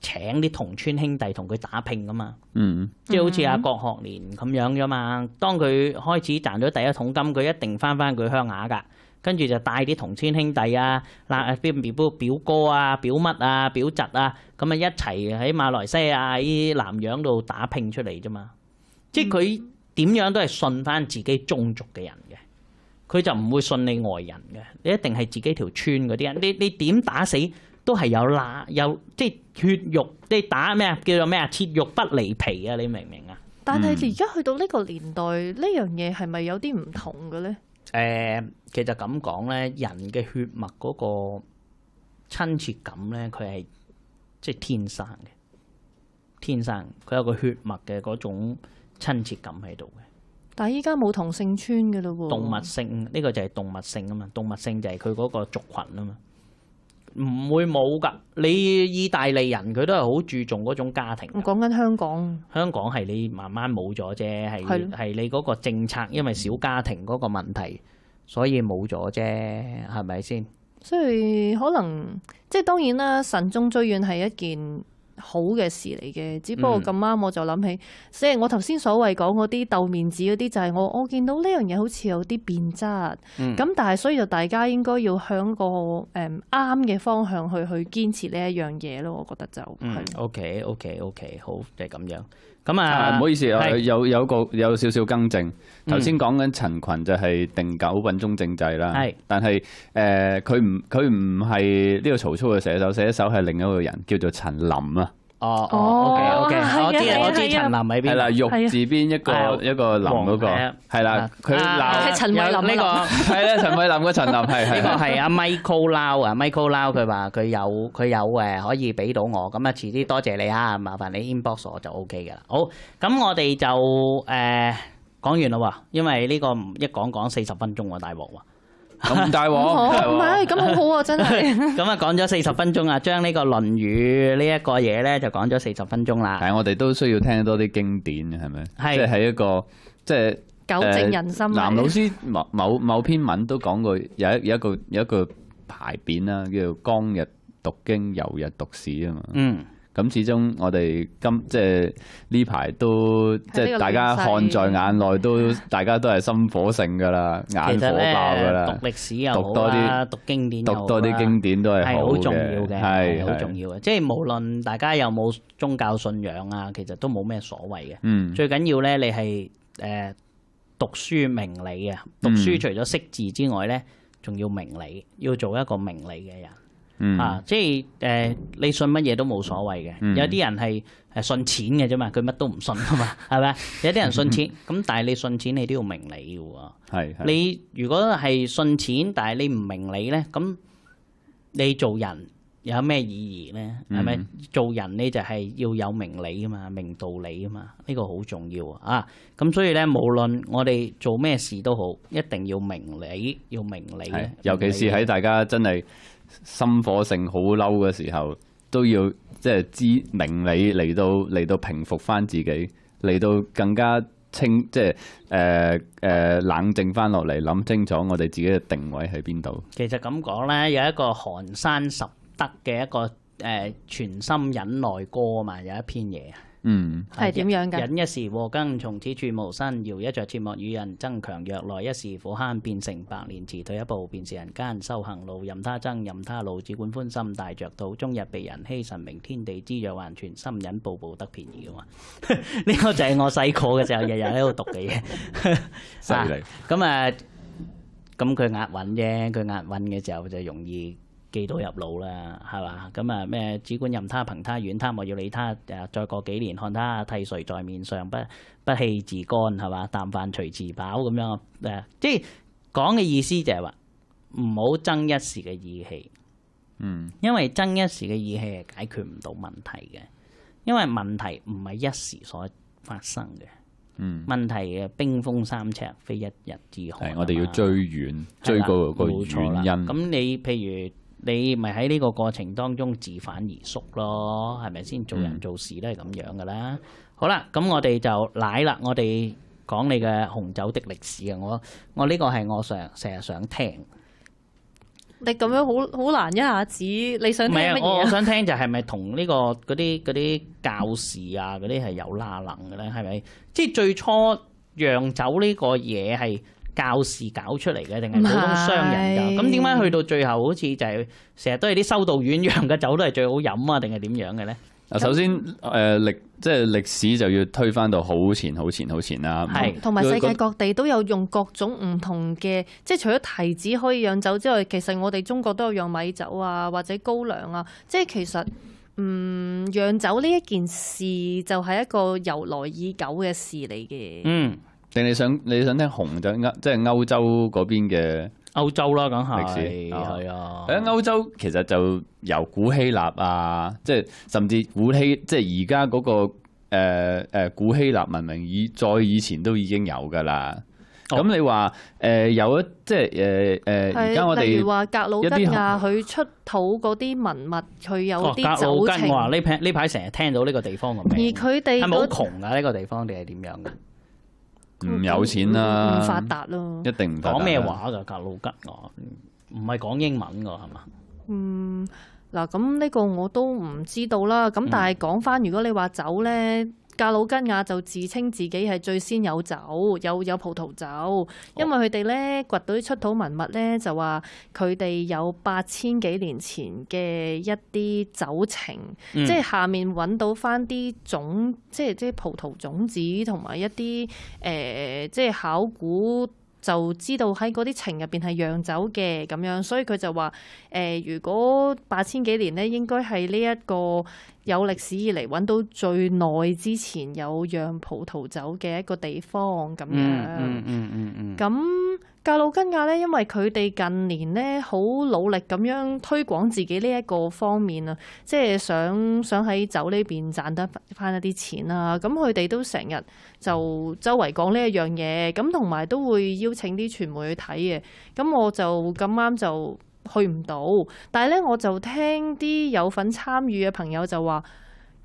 請啲同村兄弟同佢打拼㗎嘛。嗯，即係好似阿郭學年咁樣啫嘛。當佢開始賺咗第一桶金，佢一定返返佢鄉下㗎。跟住就帶啲同村兄弟啊，嗱，啲表哥啊、表乜啊、表侄啊，咁啊一齊喺馬來西亞、喺南洋度打拼出嚟啫嘛。即係佢點樣都係信翻自己宗族嘅人嘅，佢就唔會信你外人嘅。你一定係自己條村嗰啲人。你你點打死都係有乸有，即係血肉。你打咩啊？叫做咩啊？切肉不離皮啊！你明唔明啊？但係而家去到呢個年代，嗯、樣是是呢樣嘢係咪有啲唔同嘅咧？誒，其實咁講咧，人嘅血脈嗰個親切感咧，佢係即係天生嘅，天生佢有個血脈嘅嗰種親切感喺度嘅。但係依家冇同姓村嘅咯喎。動物性呢、呢個就係動物性啊嘛，動物性就係佢嗰個族群啊嘛。唔會冇㗎，你意大利人佢都係好注重嗰種家庭。我講緊香港。香港係你慢慢冇咗啫，係係是你嗰個政策，因為小家庭嗰個問題，所以冇咗啫，係咪先？嗯、所以可能即係當然啦，慎終追遠係一件。好嘅事嚟嘅，只不過咁啱我就諗起，即係、嗯、我頭先所謂講嗰啲鬥面子嗰啲，就係、是、我我見到呢樣嘢好似有啲變質，咁、嗯、但係所以就大家應該要向個誒啱嘅方向去去堅持呢一樣嘢咯，我覺得就嗯，OK OK OK，好就咁、是、樣。咁啊，唔好意思，是有有個有少少更正。頭先講緊陳群就係定九品中正制啦，是但係誒佢唔佢唔係呢個曹操嘅寫手，寫手係另一個人叫做陳琳啊。哦、oh，OK 哦，OK，yeah, yeah, yeah, yeah. 我知我知陳林喺邊係啦，玉字邊一個 Yeah. 一個林嗰、那個係啦，佢林有陳偉林呢 個係啦，陳偉林個陳林係呢個係阿 Michael Lau 啊，Michael Lau 佢話佢有佢有誒可以俾到我咁啊，遲啲多謝你啊，麻煩你 inbox 我就 OK 噶啦。好，咁我哋就誒講、呃、完啦哇，因為呢個一講講四十分鐘喎，大鑊哇！ 咁大鑊，唔係咁好好啊！真係。咁啊，講咗四十分鐘啊，將呢個《論語》呢一個嘢咧，就講咗四十分鐘啦。係，我哋都需要聽多啲經典嘅，係咪？係，即係一個即係糾正人心。男老師某某某篇文都講過，有一有一個有一個牌匾啦，叫做「剛日讀經，柔日讀史」啊嘛。嗯。咁始終我哋今即係呢排都即係大家看在眼內，都大家都係心火盛㗎喇，眼火爆㗎喇。其實咧，讀歷史又好啦，讀經典讀多啲經典都係好嘅，係好重要嘅。即係無論大家有冇宗教信仰啊，其實都冇咩所謂嘅。嗯，最緊要咧，你係誒讀書明理呀。讀書除咗識字之外咧，仲要明理，要做一個明理嘅人。嗯啊，即係誒、呃，你信乜嘢都冇所謂嘅。有啲人係係信錢嘅啫嘛，佢乜都唔信噶嘛，係咪？有啲人信錢，咁但係你信錢，你都要明理嘅喎。係你如果係信錢，但係你唔明理咧，咁你做人有咩意義咧？係咪？嗯、做人你就係要有明理啊嘛，明道理啊嘛，呢個好重要啊。咁所以咧，無論我哋做咩事都好，一定要明理，要明理。明尤其是喺大家真係。心火性好嬲嘅時候，都要即係知明理，嚟到嚟到平復翻自己，嚟到更加清即係誒誒冷靜翻落嚟，諗清楚我哋自己嘅定位喺邊度。其實咁講咧，有一個寒山拾得嘅一個誒、呃、全心忍耐歌啊嘛，有一篇嘢。嗯，係點樣嘅？忍一時禍根，從此處無身；饒一着切莫與人爭強弱，耐一時火坑變成百年池。退一步便是人間修行路，任他憎，任他怒，只管寬心大着肚。終日被人欺，神明天地知若還存，心忍步步得便宜嘅嘛。呢個就係我細個嘅時候日日喺度讀嘅嘢。咁啊，咁佢押韻啫，佢押韻嘅時候就容易。記到入腦啦，係嘛？咁啊咩？只管任他憑他遠他，莫要理他。誒，再過幾年看他替誰在面上，不不棄自乾，係嘛？但凡隨自飽咁樣。誒，即係講嘅意思就係話唔好爭一時嘅意氣。嗯，因為爭一時嘅意氣係解決唔到問題嘅，因為問題唔係一時所發生嘅。嗯，問題嘅冰封三尺，非一日之寒。係，我哋要追遠，追嗰個原因。咁你譬如。你咪喺呢個過程當中自反而縮咯，係咪先？做人做事都係咁樣㗎啦。好啦，咁我哋就嚟啦，我哋講你嘅紅酒的歷史啊！我我呢個係我常成日想聽。你咁樣好好難一下子，你想聽乜嘢啊？我想聽就係咪同呢個嗰啲嗰啲教士啊嗰啲係有拉能嘅咧？係咪？即係最初釀酒呢個嘢係教士搞出嚟嘅，定係普通商人㗎？咁點解去到最後好似就係成日都係啲修道院釀嘅酒都係最好飲啊？定係點樣嘅咧？啊，首先誒、呃、歷即係歷史就要推返到好前好前好前啦。係是，同埋是世界各地都有用各種唔同嘅，那即係除咗提子可以釀酒之外，其實我哋中國都有釀米酒啊，或者高粱啊。即係其實嗯釀酒呢一件事就係一個由來已久嘅事嚟嘅。嗯。定你想你想聽紅就歐即係歐洲嗰邊嘅歐洲啦，梗係係啊！喺歐洲其實就由古希臘啊，即係甚至古希即係而家嗰個誒誒、呃、古希臘文明以再以前都已經有噶啦。咁、哦、你話誒、呃、有一即係誒誒而家我哋例如話格魯吉亞佢出土嗰啲文物，佢有啲酒情、哦、格魯吉，我話呢排呢排成日聽到呢個地方，咁而佢哋係咪好窮啊？呢個地方定係點樣噶？唔，有錢啦，唔發達咯，一定唔發達。講咩話噶格魯吉我，我唔係講英文噶係嘛？嗯，嗱咁呢個我都唔知道啦。咁但係講翻，如果你走話走咧。格魯吉亞就自稱自己係最先有酒，有有葡萄酒，因為佢哋咧掘到啲出土文物咧，就話佢哋有八千幾年前嘅一啲酒程，嗯、即係下面揾到翻啲種，即係即係葡萄種子同埋一啲誒、呃，即係考古。就知道喺嗰啲情入邊係釀酒嘅，咁樣，所以佢就話誒、呃、如果八千幾年咧，應該係呢一個有歷史以嚟揾到最耐之前有釀葡萄酒嘅一個地方咁樣、嗯，嗯嗯嗯嗯。咁、嗯。嗯格魯吉亞咧，因為佢哋近年咧好努力咁樣推廣自己呢一個方面啊，即係想想喺酒呢邊賺得返一啲錢啊，咁佢哋都成日就周圍講呢一樣嘢，咁同埋都會邀請啲傳媒去睇嘅，咁我就咁啱就去唔到，但係咧我就聽啲有份參與嘅朋友就話，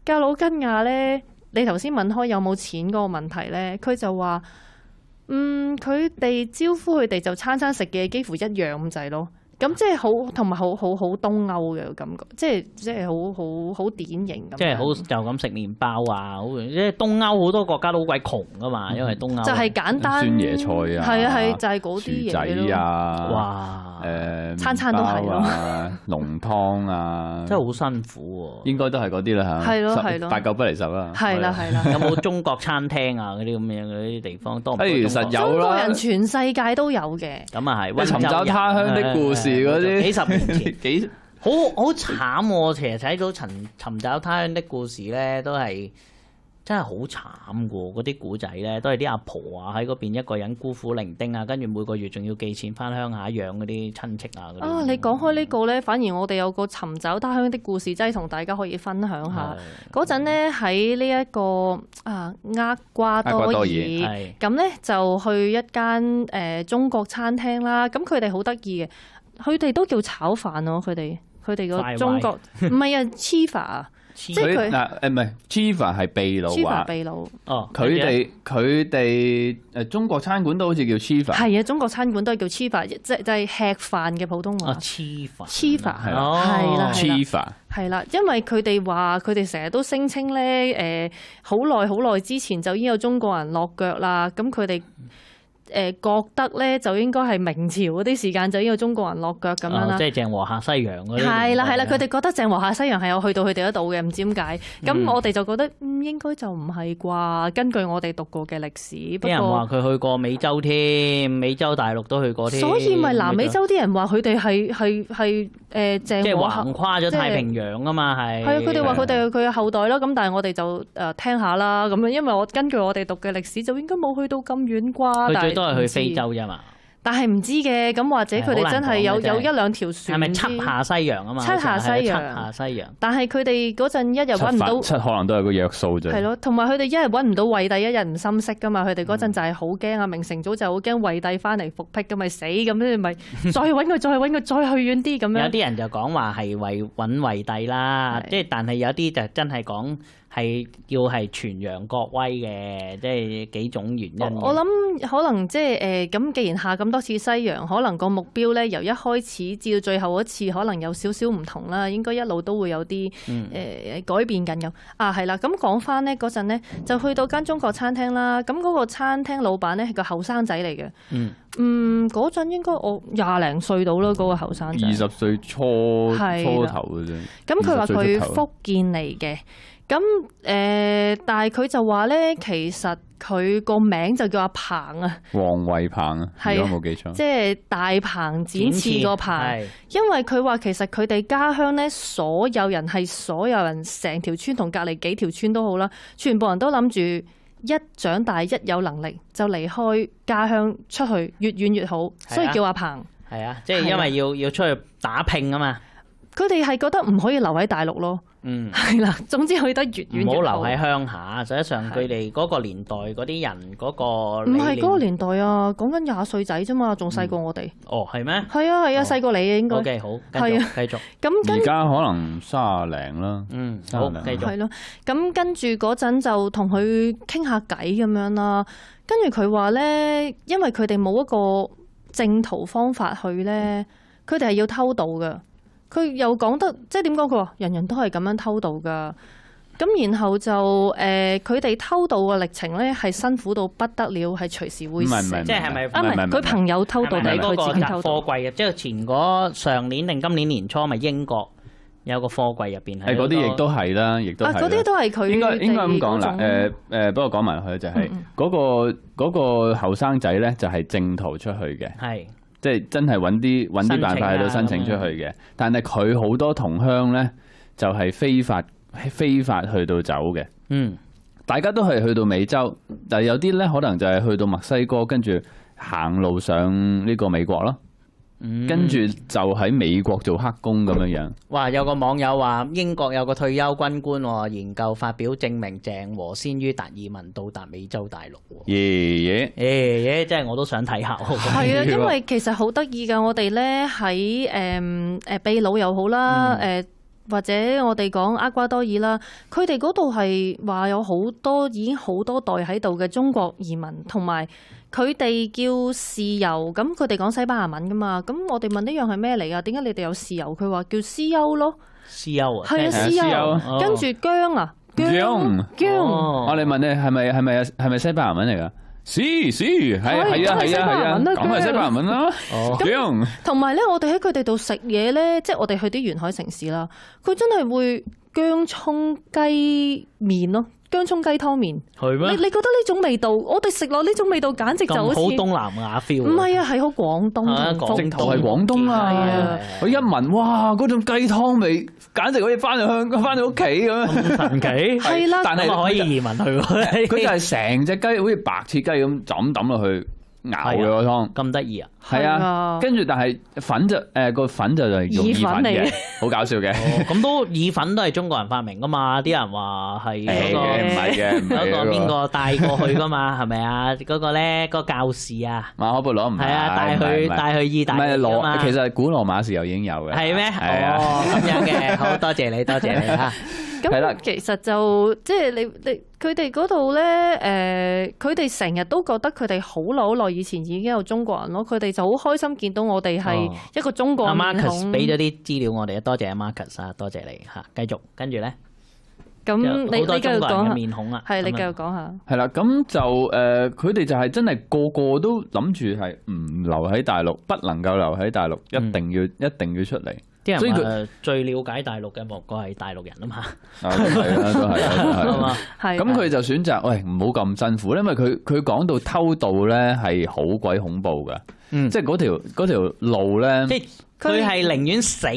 格魯吉亞咧，你頭先問開有冇錢嗰個問題咧，佢就話。嗯，佢哋招呼佢哋就餐餐食嘅，幾乎一樣咁滯咯。咁即係好同埋好好好東歐嘅感覺，即係即係好好好典型咁。即係好就咁食麵包啊，好即係東歐好多國家都好鬼窮㗎嘛，因為東歐就係簡單酸椰菜啊，係啊係，就係嗰啲嘢咯。哇，誒餐餐都係咯，濃湯啊，真係好辛苦喎。應該都係嗰啲啦嚇，係咯係咯，八九不離十啦。係啦係啦，有冇中國餐廳啊嗰啲咁樣嗰啲地方多唔多？中國人全世界都有嘅。咁啊係，尋找他鄉的故事。嗯、幾十年前，幾 好好慘啊。慘啊婆婆啊這個，我成日睇到《尋尋找他鄉的故事》咧，都係真係好慘噶。嗰啲古仔咧，都係啲阿婆啊喺嗰邊一個人孤苦伶仃啊，跟住每個月仲要寄錢翻鄉下養嗰啲親戚啊。哦，你講開呢個咧，反而我哋有個《尋找他鄉的故事》真係同大家可以分享下嗰陣咧，喺的呢一，這個啊壓瓜多爾咁咧，的就去一間誒中國餐廳啦。咁佢哋好得意嘅。佢哋都叫炒飯咯，佢哋佢哋個中國唔係啊，Chifa 啊，即係佢嗱唔係 Chifa 係秘魯 Chifa 秘魯，哦，佢哋佢哋誒中國餐館都好似叫 Chifa 係 啊，中國餐館都係叫 Chifa，即係即係吃飯嘅普通話 Chifa Chifa，係啦係啦，Chifa 係啦，因為佢哋話佢哋成日都聲稱咧誒，好耐好耐之前就已經有中國人落腳啦，咁佢哋。誒覺得咧就應該係明朝嗰啲時間就應該中國人落腳咁樣啦，即係鄭和下西洋嗰啲。係啦係啦，佢哋覺得鄭和下西洋係有去到佢哋嗰度嘅，唔知點解。咁我哋就覺得應該就唔係啩，根據我哋讀過嘅歷史。有人話佢去過美洲添，美洲大陸都去過添。所以咪南美洲啲人話佢哋係係係誒鄭即係橫跨咗太平洋啊嘛係。係啊，佢哋話佢哋佢嘅後代囉。咁但係我哋就誒聽下啦，咁樣，因為我根據我哋讀嘅歷史就應該冇去到咁遠啩。都係去非洲啫嘛，但係唔知嘅，咁或者佢哋真係有有一，有有一兩條船。係咪七下西洋啊嘛？七下西洋，七下西洋。但係佢哋嗰陣一日揾唔到，七可能都係個約數就係。係咯，同埋佢哋一日揾唔到惠帝，一日唔心息噶嘛。佢哋嗰陣就係好驚啊！嗯、明成祖就好驚惠帝翻嚟復辟咁咪死咁咧，咪再揾佢， 再揾佢，再去遠啲咁樣。 有啲人就講話係為揾惠帝啦，即係對 但係有啲就真係講。係要係全揚國威嘅，即係幾種原因。我諗可能即係誒，咁既然下咁多次西洋，可能個目標咧，由一開始至到最後一次，可能有少少唔同啦。應該一路都會有啲誒改變緊咁、嗯、啊。係啦，咁講翻咧嗰陣咧，就去到間中國餐廳啦。咁、那、嗰個餐廳老闆咧係個後生仔嚟嘅。嗯，嗰陣、嗯、應該我廿零歲到啦，嗰個後生仔，二十歲、那個、初初頭嘅啫。咁佢話佢福建嚟嘅。咁誒，但係佢就話咧，其實佢個名就叫阿鵬啊，王偉鵬啊， 的如果冇記錯，即係大鵬展翅個鵬。因為佢話其實佢哋家鄉咧，所有人係所有人，成條村同隔籬幾條村都好啦，全部人都諗住一長大一有能力就離開家鄉出去，越遠越好，所以叫阿鵬。係啊，即係因為要的要出去打拼啊嘛。佢哋係覺得唔可以留喺大陸咯。嗯，係啦，總之去得越遠越好。唔好留喺鄉下，實際上佢哋嗰個年代嗰啲人嗰個唔係嗰個年代啊，講緊廿歲仔啫嘛，仲細過我哋、嗯。哦，係咩？係啊係啊，細、哦、過你啊，應該。好，繼續，繼、嗯、續。咁而家可能卅零啦。嗯，好，繼續。係咯，咁跟住嗰陣就同佢傾下偈咁樣啦。跟住佢話咧，因為佢哋冇一個正途方法去咧，佢哋係要偷渡噶。佢又講得即係點講佢，人人都係咁樣偷渡噶。咁然後就誒，佢哋偷渡嘅歷程咧係辛苦到不得了，係隨時會死唔係唔係，即係係咪？啊唔係，佢朋友偷渡定佢自己偷？貨櫃嘅，即係前嗰上年定今年年初，咪英國有個貨櫃入邊係嗰啲，亦都係啦，亦都係嗰啲都係佢應該應該咁講啦。誒誒，不過講埋佢就係嗰個嗰個後生仔咧，就係正途出去嘅係。即係真係揾啲揾啲辦法去到申請出去嘅，啊、但係佢好多同鄉呢，就係、是、非法非法去到走嘅。嗯，大家都係去到美洲，但係有啲呢，可能就係去到墨西哥，跟住行路上呢個美國咯。跟住、嗯、就喺美國做黑工咁樣樣。哇！有個網友話英國有個退休軍官研究發表證明鄭和先於達爾文到達美洲大陸。耶耶耶耶！真係我都想睇下。係啊，因為其實好得意㗎，我哋呢喺誒誒秘魯又好啦，誒、嗯、或者我哋講厄瓜多爾啦，佢哋嗰度係話有好多已經好多代喺度嘅中國移民同埋。佢哋叫豉油，咁佢哋講西班牙文噶嘛？咁我哋問呢樣係咩嚟啊？點解你哋有豉油？佢話叫 C.U. 咯，C.U. 啊，係 C.U. 跟住薑啊，薑，薑。我哋問你係咪係咪係咪西班牙文嚟噶？C.U. C.U. 係係啊係啊，講係西班牙文啦。薑。同埋咧，我哋喺佢哋度食嘢咧，即係我哋去啲沿海城市啦，佢真係會薑葱雞麵咯。薑葱雞湯麵，嗎你你覺得呢種味道，我哋食落呢種味道，簡直就好，好東南亞 feel。唔係啊，係好廣東風土。啊，正係廣東啊，佢、啊啊啊、一聞，哇，嗰種雞湯味，簡直好似翻咗鄉，翻到屋企咁啊！神奇，係啦、 啊，但係是可以移民去佢 就係成隻雞，好似白切雞咁，就咁抌落去咬咗個湯。咁得意啊！係啊，跟住但係粉就誒個粉就係意粉嚟嘅，好搞笑嘅。咁都意粉都係中國人發明噶嘛？啲人話係嗰個嗰個邊個帶過去噶嘛？係咪啊？嗰個咧個教士啊，馬可波羅唔係啊，帶去帶去意大，唔係羅，其實古羅馬時候已經有嘅。係咩？係啊，咁樣嘅，好多謝你，多謝你嚇。咁其實就即係你你佢哋嗰度咧誒，佢哋成日都覺得佢哋好耐好耐以前已經有中國人咯，佢哋。好開心見到我哋係一個中國人面孔，俾咗啲資料我哋啊，多謝阿 Mark 啊，多謝你嚇，繼續跟住咧。咁你繼續講下，係你繼續講下。係啦，咁就誒，佢哋就係真係個個都諗住係唔留喺大陸，不能夠留喺大陸，一定要一定要出嚟。所以佢最了解大陸嘅，莫過係大陸人啊嘛。係啊，係啊，係嘛。咁佢就選擇喂，唔好咁辛苦，因為佢佢講到偷渡咧係好鬼恐怖噶。嗯，即係嗰條嗰條路咧，即係佢係寧願死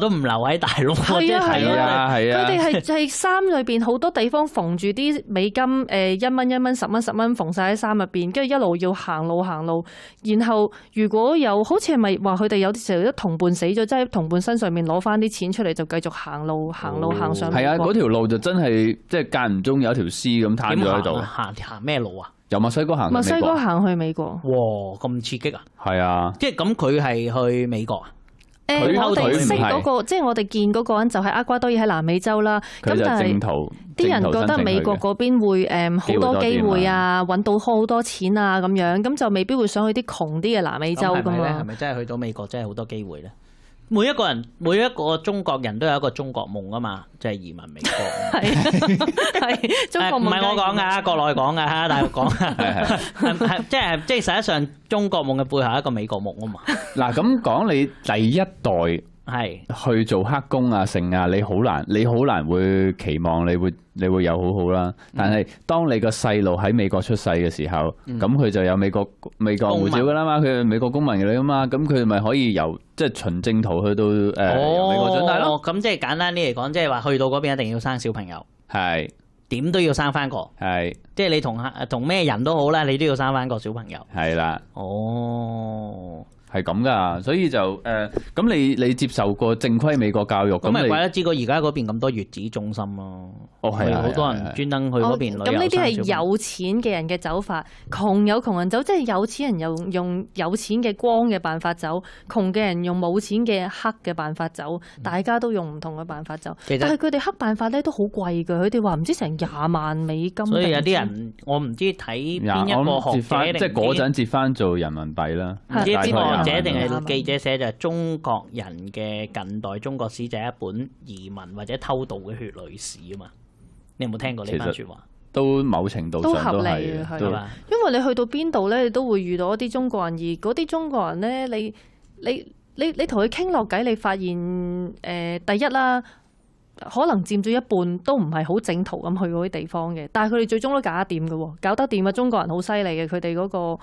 都唔留喺大陸。係啊係啊係啊！佢哋係係衫裏邊好多地方縫住啲美金，誒一蚊一蚊十蚊十蚊縫晒喺衫入邊，跟住一路要行路行路。然後如果有好似係咪話佢哋有啲時候一同伴死咗，即係同伴身上面攞翻啲錢出嚟就繼續行路行路行上去。哦。係啊，嗰條路就真係即係間唔中有一條屍咁攤咗喺度。行行咩路啊？由墨西哥行墨西哥行去美國，哇！咁刺激啊！係啊，即係咁佢係去美國啊？誒，我哋識嗰個，即係我哋見嗰個人就係厄瓜多爾喺南美洲啦。咁但係是啲人覺得美國嗰邊會誒好多機會，機會多啊，搵到好多錢啊咁樣，咁就未必會想去啲窮啲嘅南美洲咁啊？係咪真係去到美國真係好多機會咧？每一個人每一個中國人都有一個中國夢啊嘛，即係移民美國。係係中國夢，唔係我講噶，國內講噶吓，大陸講。係係即係即係實際上中國夢嘅背後係一個美國夢啊嘛。嗱咁講你第一代。係去做黑工啊，成啊，你好難你好難會期望你會你會有好好啦。但係當你個細路喺美國出世嘅時候，咁佢、嗯、就有美國美國護照噶啦嘛，佢係美國公民嚟噶嘛，咁佢咪可以由即係、就是、循正途去到誒美國長大咯、哦哦。哦，咁、哦哦、即係簡單啲嚟講，即係話去到嗰邊一定要生小朋友，係點係都要生翻個，係即係你同同咩人都好啦，你都要生翻個小朋友，係啦，哦。哦。係咁噶，所以就誒咁你你接受過正規美國教育，咁咪怪得知過而家嗰邊咁多月子中心咯。哦，係，好多人專登去嗰邊。咁呢啲係有錢嘅人嘅走法，窮有窮人走，即係有錢人又用有錢嘅光嘅辦法走，窮嘅人用冇錢嘅黑嘅辦法走，大家都用唔同嘅辦法走。其實，但係佢哋黑辦法咧都好貴㗎，佢哋話唔知成廿萬美金。所以有啲人我唔知睇邊一個行業，即係嗰陣折翻做人民幣啦，大概。或者定係記者寫就係中國人嘅近代中國史就係一本移民或者偷渡嘅血淚史啊嘛！你有冇聽過呢番説話？都某程度都，都合理。因為你去到邊度呢，你都會遇到一啲中國人，而嗰啲中國人呢，你你你同佢傾落偈，你發現誒、呃、第一啦，可能佔咗一半都唔係好正途咁去嗰啲地方嘅，但係佢哋最終都搞得掂嘅，搞得掂啊！中國人好犀利嘅，佢哋嗰個。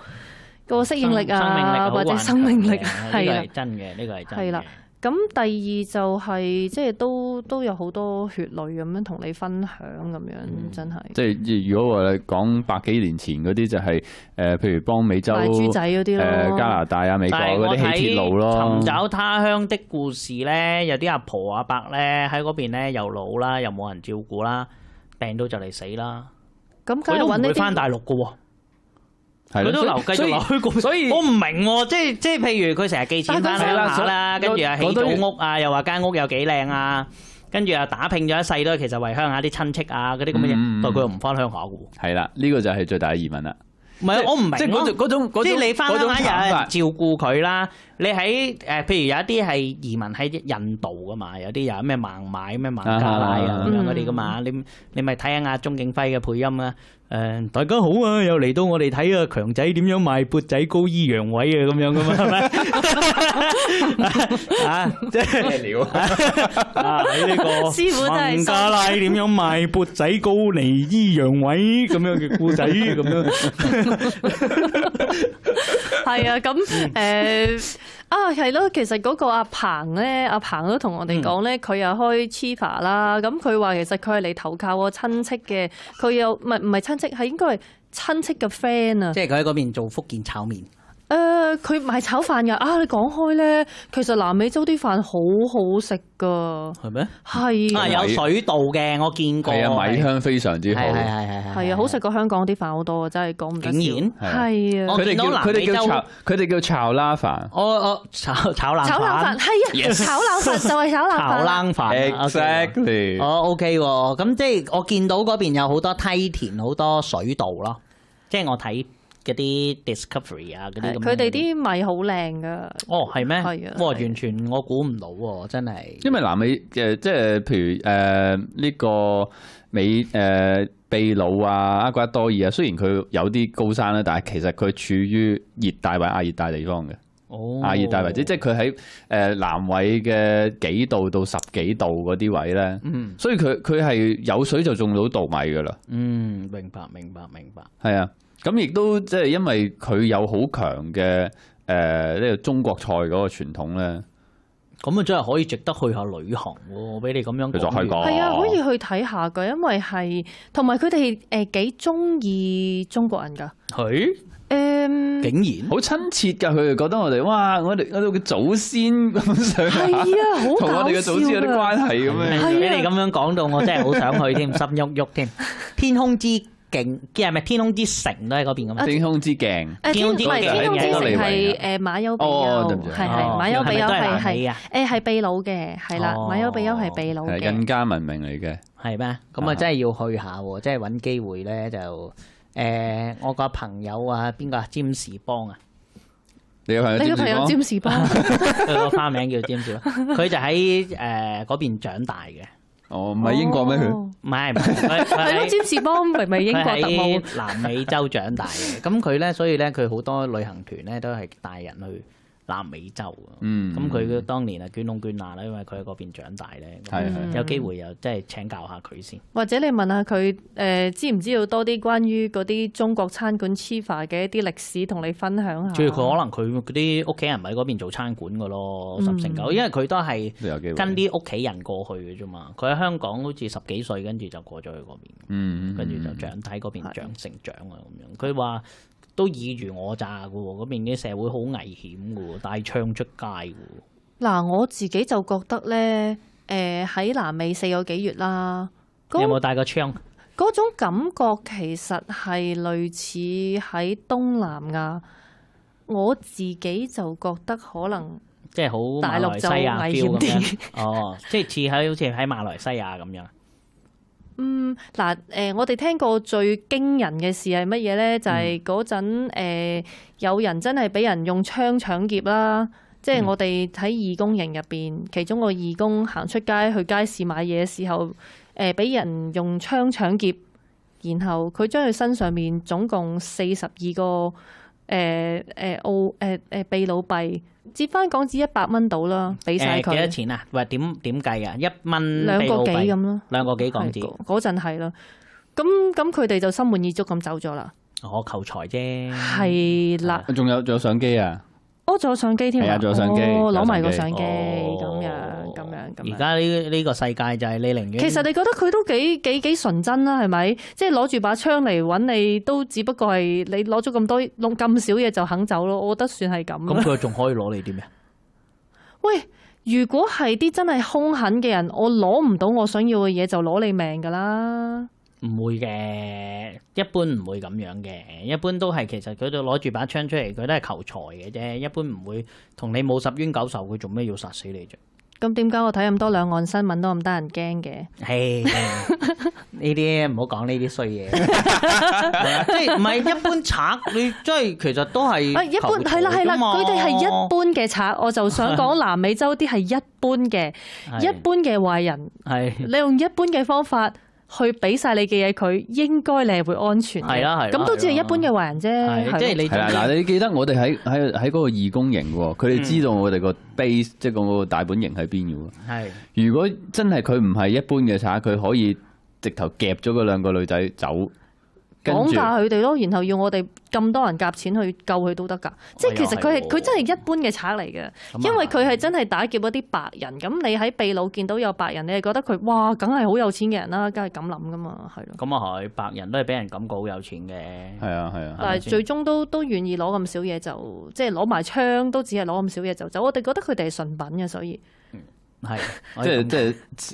個適應力啊，或者生命力，命力啊，真嘅，呢個係真係啦，咁第二就係、是、即係都都有好多血淚咁樣同你分享咁樣，真係、嗯。即係如果我講百幾年前嗰啲就係、是、誒、呃，譬如幫美洲、豬仔嗰啲、呃，加拿大啊、美國嗰啲起鐵路咯。尋找他鄉的故事咧，有啲阿婆阿伯咧喺嗰邊咧又老啦，又冇人照顧啦，病到就嚟死啦，佢都唔會翻大陸噶佢都留繼續留喺嗰，所以我唔明即係即係，譬如佢成日寄錢翻鄉下啦，跟住啊起祖屋啊，又話間屋有幾靚啊，跟住啊打拼咗一世都係其實為鄉下啲親戚啊嗰啲咁嘅嘢，不過佢又唔翻鄉下嘅喎。係啦，呢個就係最大嘅移民啦。唔係啊，我唔明即係嗰種嗰種嗰種嗰種坦白。即係你翻鄉下啦，有有人照顧佢啦。你喺誒，譬如有一啲係移民喺印度嘅嘛，有啲又有咩孟買、咩孟加拉咁樣嗰啲嘅嘛。你你咪睇下阿鍾景輝嘅配音啦。誒，大家好啊！又嚟到我哋睇個強仔點樣賣缽仔糕醫陽痿啊，咁樣噶嘛，係咪啊？即係了啊！喺呢個孟加拉點樣賣缽仔糕嚟醫陽痿咁樣嘅故仔咁樣，係啊！咁誒。啊，係咯，其實嗰個阿彭呢，阿彭都同我哋講咧，佢又、嗯、開 Chifa 啦。咁佢話其實佢係嚟投靠我親戚嘅，佢又唔係唔係親戚，係應該係親戚嘅 friend 啊。即係佢喺嗰邊做福建炒麵。誒佢買炒飯㗎啊！你講開咧，其實南美洲啲飯好好食噶，係咩？係啊，有水稻嘅，我見過。係啊，米香非常之好。係係啊，好食過香港啲飯好多，真係講唔緊要。竟然係啊！我見到南美洲，佢哋叫炒，佢哋叫炒拉飯。我我炒炒冷炒冷飯，係啊！炒冷飯就係炒冷炒冷飯。Exactly. 哦 OK 喎。咁即係我見到嗰邊有好多梯田，好多水稻咯。即係我睇。嗰啲 discovery 啊，啲佢哋啲米好靚噶。哦，係咩？啊、哇，完全我估唔到喎，真係。因為南美誒，即、呃、係譬如誒呢、呃這個美誒、呃、秘魯啊、厄瓜多爾啊，雖然佢有啲高山咧，但係其實佢處於熱帶或者亞熱帶地方嘅。哦，亞熱帶或者、哦、即係佢喺誒南緯嘅幾度到十幾度嗰啲位咧。嗯。所以佢佢係有水就種到稻米噶啦。嗯，明白明白明白。係啊。咁亦都即係因為佢有好強嘅誒呢個中國菜嗰個傳統咧，咁啊真係可以值得去下旅行喎！俾你咁樣繼續去講，係啊，可以去睇下噶，因為係同埋佢哋誒幾中意中國人噶，佢們？誒、嗯、竟然好親、嗯、切噶，佢哋覺得我哋哇，我哋我哋嘅祖先咁上下，係啊，好同我哋嘅祖先有啲關係咁樣，嗯、俾你咁樣講到，我真係好想去添， 心喐喐添，天空之。勁，即係咪天空之城都喺嗰邊咁啊？天空之鏡，天空之鏡喺邊度嚟㗎？係誒馬丘比丘，係係馬丘比丘係係誒係秘魯嘅，係啦，馬丘比丘係秘魯嘅，印加文明嚟嘅，係咩？咁啊真係要去下喎，即係揾機會咧就誒我個朋友啊，邊個啊？詹士邦啊，你個朋友詹士邦，佢個花名叫詹士，佢就喺誒嗰邊長大嘅。哦，唔係英國咩？佢唔係唔係，係咯他？詹士邦係咪英國特工？南美洲長大嘅，咁佢咧，所以咧，佢好多旅行團咧，都係帶人去。南美洲嘅，咁佢嘅當年啊，捐窿捐罅啦，因為佢喺嗰邊長大咧，嗯、有機會又即係請教下佢先。或者你問下佢誒、呃，知唔知道多啲關於嗰啲中國餐館 chef 嘅一啲歷史，同你分享下。主要佢可能佢啲屋企人喺嗰邊做餐館嘅咯，十、嗯、成九，因為佢都係跟啲屋企人過去嘅啫嘛。佢喺香港好似十幾歲，嗯、跟住就過咗去嗰邊，跟住就長喺嗰邊長成長啊咁樣。佢話、嗯。嗯都以虞我詐嘅喎，嗰邊啲社會好危險嘅喎，帶槍出街嘅喎。嗱，我自己就覺得咧，誒、呃、喺南美四個幾月啦，有冇帶個槍？嗰種感覺其實係類似喺東南亞。我自己就覺得可能即係好，大陸就危險啲。哦，即係似喺好似喺馬來西亞咁、 哦、樣。嗯嗱，誒，我哋聽過最驚人嘅事係乜嘢呢？就係嗰陣誒，有人真係俾人用槍搶劫啦。即係我哋喺義工營入邊，其中個義工行出街去街市買嘢嘅時候，誒、呃、俾人用槍搶劫，然後佢將佢身上面總共四十二個誒誒澳誒誒秘魯幣。折翻港紙一百蚊到啦，俾晒佢。誒、欸，幾多錢啊？喂，點點計啊？一蚊兩個幾咁咯，兩個幾港紙。嗰陣係啦，咁咁佢哋就心滿意足咁走咗啦。我求財啫，係啦。仲有仲有相機啊？哦，仲有相機添啊，仲有相機，攞埋個相機咁樣。而家呢呢個世界就係你寧願，其實你覺得佢都幾幾幾純真啦，係咪？即係攞住把槍嚟搵你，都只不過係你攞咗咁多咁少嘢，就肯走咯。我覺得算係咁。咁佢仲可以攞你啲咩？喂，如果係啲真係兇狠嘅人，我攞唔到我想要嘅嘢，就攞你命噶啦。唔會嘅，一般唔會咁樣嘅。一般都係其實佢就攞住把槍出嚟，佢都係求財嘅啫。一般唔會同你冇十冤九仇，佢做咩要殺死你啫？咁點解我睇咁多兩岸新聞都咁得人驚嘅？係呢啲唔好講呢啲衰嘢，即係唔係一般賊， 你即係其實都係。啊，一般係啦係啦，佢哋係一般嘅賊，我就想講南美洲啲係一般嘅， 一般嘅壞人，係 你用一般嘅方法。去俾晒你嘅嘢，佢應該你係會安全。係啦，係。咁都只係一般嘅壞人啫。係的的即係你的。嗱， 你記得我哋喺喺喺嗰個義工營喎，佢哋知道我哋個 base，即係個大本營喺邊嘅喎。係的。如果真係佢唔係一般嘅賊，佢可以直頭夾咗嗰兩個女仔走。講價佢哋咯，然後要我哋咁多人夾錢去救佢都得㗎，即係、哎、呦其實佢係佢真係一般嘅賊嚟嘅，嗯、因為佢係真係打劫一啲白人。咁、嗯、你喺秘魯見到有白人，你係覺得佢哇，梗係好有錢嘅人啦，梗係咁諗㗎嘛，係咯。咁啊係，白人都係俾人感覺好有錢嘅。係啊係啊。但係最終都都願意攞咁少嘢，就即係攞埋槍，都只係攞咁少嘢就走。我哋覺得佢哋係純品嘅，所以係即係即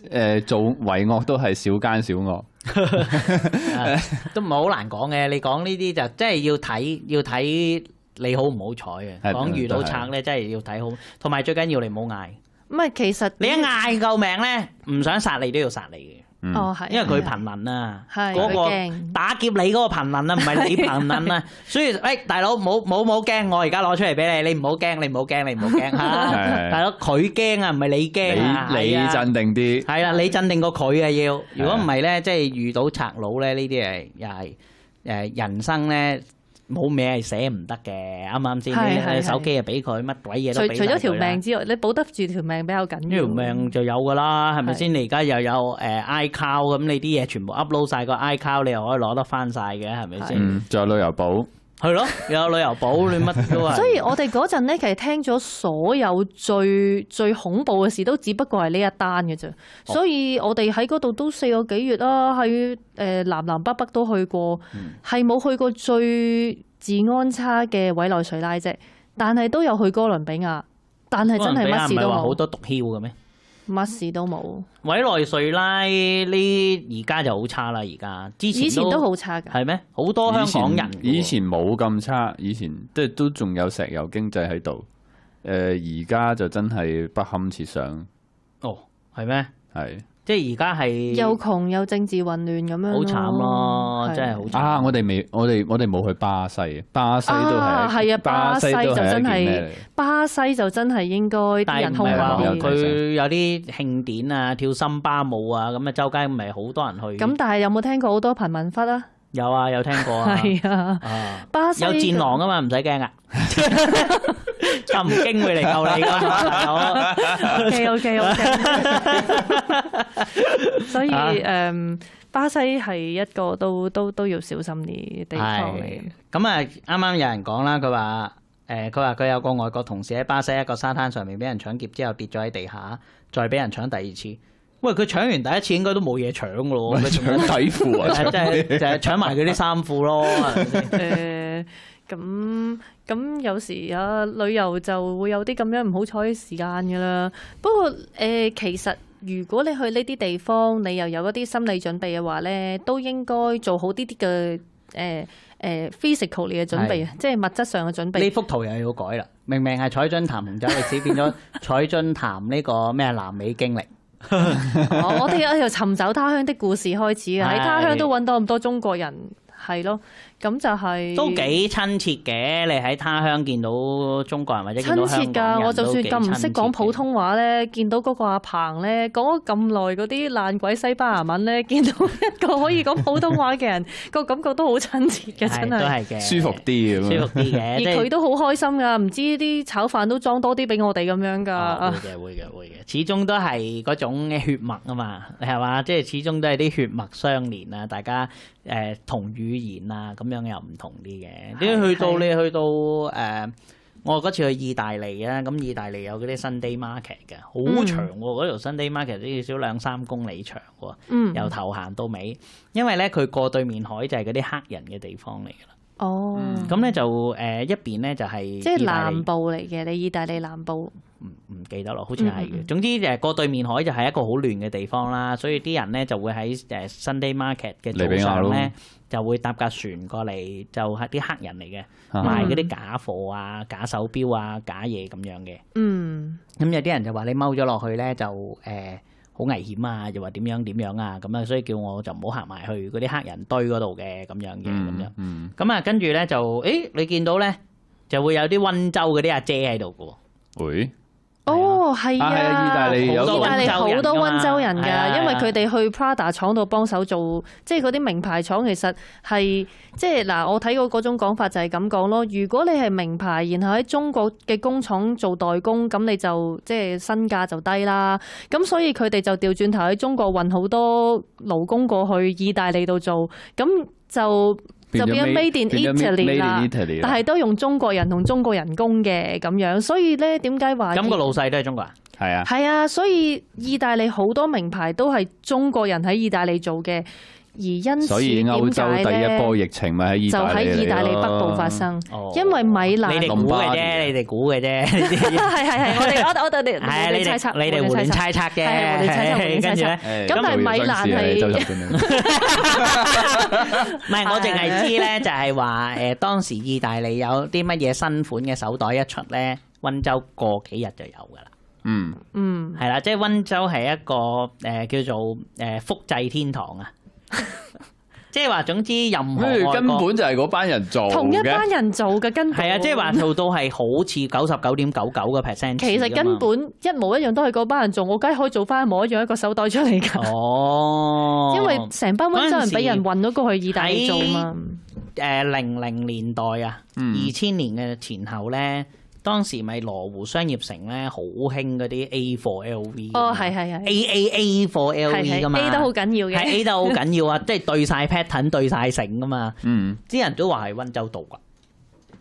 係誒做違惡都係小奸小惡。 啊、都唔係好難講嘅，你講呢啲就真係要睇，要睇你好唔好彩嘅。講的遇到賊咧，是真係要睇好，同埋最緊要你唔好嗌。唔係，其實你一嗌救命咧，唔想殺你都要殺你嘅。哦，係、嗯，因為佢貧民啊，嗰是個打劫你嗰個貧民啊，唔係你貧民啊，所以誒、欸，大佬冇冇冇驚，我而家攞出嚟俾你，你唔好驚，你唔好驚，你唔好驚嚇，大佬佢驚啊，唔係你驚、啊、你，你鎮定啲，係啦、啊啊，你鎮定過佢啊，要，如果唔係咧，即係遇到賊佬咧，呢啲係又係誒人生咧。冇名係寫唔得嘅，啱唔啱先？剛剛，係係係手機啊，俾佢乜鬼嘢都俾佢啦，除除咗條命之外，你保得住條命比較緊要。條命就有噶啦，係咪先？是的 你而家又有誒、呃、iCloud 咁，你啲嘢全部 upload 晒個 iCloud，你又可以攞得翻晒嘅，係咪先？仲有旅遊保。係咯，有旅遊保，你乜都係。所以我哋嗰陣咧，其實聽咗所有最最恐怖嘅事，都只不過係呢一單嘅啫。所以我哋喺嗰度都四個幾月啦，喺誒南南北北都去過，係冇、嗯、去過最治安差嘅委內瑞拉啫。但係都有去哥倫比亞，但係真係乜事都冇。哥倫比亞唔係話好多毒梟嘅咩？乜事都冇。委內瑞拉呢而家就好差啦！而家之前都好差嘅。係咩？好多香港人以，以前冇咁差，以前即係都仲有石油經濟喺度。誒、呃，而家就真係不堪設想。哦，係咩？係。即係而家係又窮又政治混亂咁樣，好慘咯！真係好慘啊！我哋未，我哋我哋冇去巴西，巴西都係巴西就真係巴西就真係應該。但係佢實有啲慶典啊，跳森巴舞啊，咁啊周街咪好多人去。咁、啊、但係有冇聽過好多貧民窟啊？有啊，有聽過啊，巴西有戰狼啊嘛，唔使驚啊，就唔驚會嚟救你噶 OK OK OK。所以誒、嗯，巴西係一個都都都要小心啲地方嚟嘅。咁啊，啱啱、 嗯、有人講啦，佢話誒，佢話佢有個外國同事喺巴西一個沙灘上面俾人搶劫之後跌咗喺地下，再俾人搶第二次。喂，佢搶完第一次應該都冇嘢搶噶咯，咪搶底褲啊？即係就係搶埋佢啲衫褲咯。誒，咁咁有時啊，旅遊就會有啲咁樣唔好彩嘅時間噶啦。不過誒、呃，其實如果你去呢啲地方，你又有一啲心理準備嘅話咧，都應該做好啲啲嘅誒誒 physical 嘅準備，是即係物質上嘅準備。呢幅圖又要改啦，明明係彩樽談紅酒，只 變咗彩樽談呢個咩南美經歷。 哦、我哋有一條尋找他鄉的故事開始啊！喺他的鄉都搵到咁多中國人，係咯。咁就係都幾親切嘅，你喺他鄉見到中國人或者見到香港人都幾親切。親切㗎，我就算咁唔識講普通話咧，見到嗰個阿彭咧講咗咁耐嗰啲爛鬼西班牙文咧，見到一個可以講普通話嘅人，個感覺都好親切嘅，真係。都係嘅，舒服啲嘅。舒服啲嘅，而佢都好開心㗎，唔知啲炒飯都裝多啲俾我哋咁樣㗎。會嘅，會嘅，會嘅，始終都係嗰種血脈啊嘛，係嘛？即係始終都係啲血脈相連啊，大家誒同語言啊咁。又唔同啲嘅，點解去到你去到誒，uh, 我嗰次去意大利啊，咁意大利有嗰啲 Sunday Market 嘅，好長喎，嗰條 Sunday Market 都要少兩三公里長嘅，由頭行到尾，因為咧佢過對面海就係嗰啲黑人嘅地方嚟噶啦。哦，咁咧、嗯、就誒、呃、一邊咧就係即係南部嚟嘅，你意大利南部。唔唔、嗯、記得咯，好似係。嗯、總之誒、呃、過對面海就係一個好亂嘅地方啦，所以啲人咧就會喺誒 Sunday Market 嘅早上咧就會搭架船過嚟，就係、是、啲黑人嚟嘅、嗯、賣嗰啲假貨啊、假手錶啊、假嘢咁樣嘅。嗯。咁、嗯嗯、有啲人就話你踎咗落去咧就誒。呃好危險啊！又話點樣點樣啊？咁啊，所以叫我就唔好行埋去嗰啲黑人堆嗰度嘅咁樣嘅咁樣。咁啊、嗯，嗯、跟住咧就，誒你見到咧就會有啲溫州嗰啲阿姐喺度嘅喎。喂哦，係啊！意大利有意大利好多溫州人噶，因為佢哋去 Prada 廠度幫手做，即係嗰啲名牌廠其實係即係嗱。我睇過嗰種講法就係咁講咯。如果你係名牌，然後喺中國嘅工廠做代工，咁你就即係、即係、身價就低啦。咁所以佢哋就調轉頭喺中國運好多勞工過去意大利度做，咁就。就變咗 Made in Italy 啦，Italy 但係都用中國人同中國人工嘅咁樣，所以咧點解話？咁個老細都係中國人？係啊，係啊，所以意大利好多名牌都係中國人喺意大利做嘅。而因此所以歐洲第一波疫情咪喺意大利，就喺意大利北部發生，因為米蘭。你哋估嘅啫，你哋估嘅啫。係係係，我哋我我哋我哋嘅。係你哋猜測，你哋換猜測嘅。係係係。跟住咧，咁但係米蘭係。唔係，我淨係知咧，就係話誒，當時意大利有啲乜嘢新款嘅手袋一出咧，溫州過幾日就有噶啦。嗯嗯，係啦，即係溫州係一個誒叫做誒複製天堂啊。即係話，總之任何根本就係嗰班人做，同一班人做嘅根係啊，即係話做到係好似九十九點九九個 percent。其實根本一模一樣都係嗰班人做，我梗係可以做翻一模一樣一個手袋出嚟噶。哦，因為成班温州人俾人運咗過去意大利做啊。誒，零零年代啊，二千年嘅前後咧。當時咪羅湖商業城咧，好興嗰啲 A 貨 LV。哦，係係係。A A A 貨 LV 噶嘛？A 都好緊要嘅。係 A 都好緊要啊！即、就、係、係、對晒 pattern，對晒成噶嘛。嗯。啲人都話係溫州到㗎。嗯。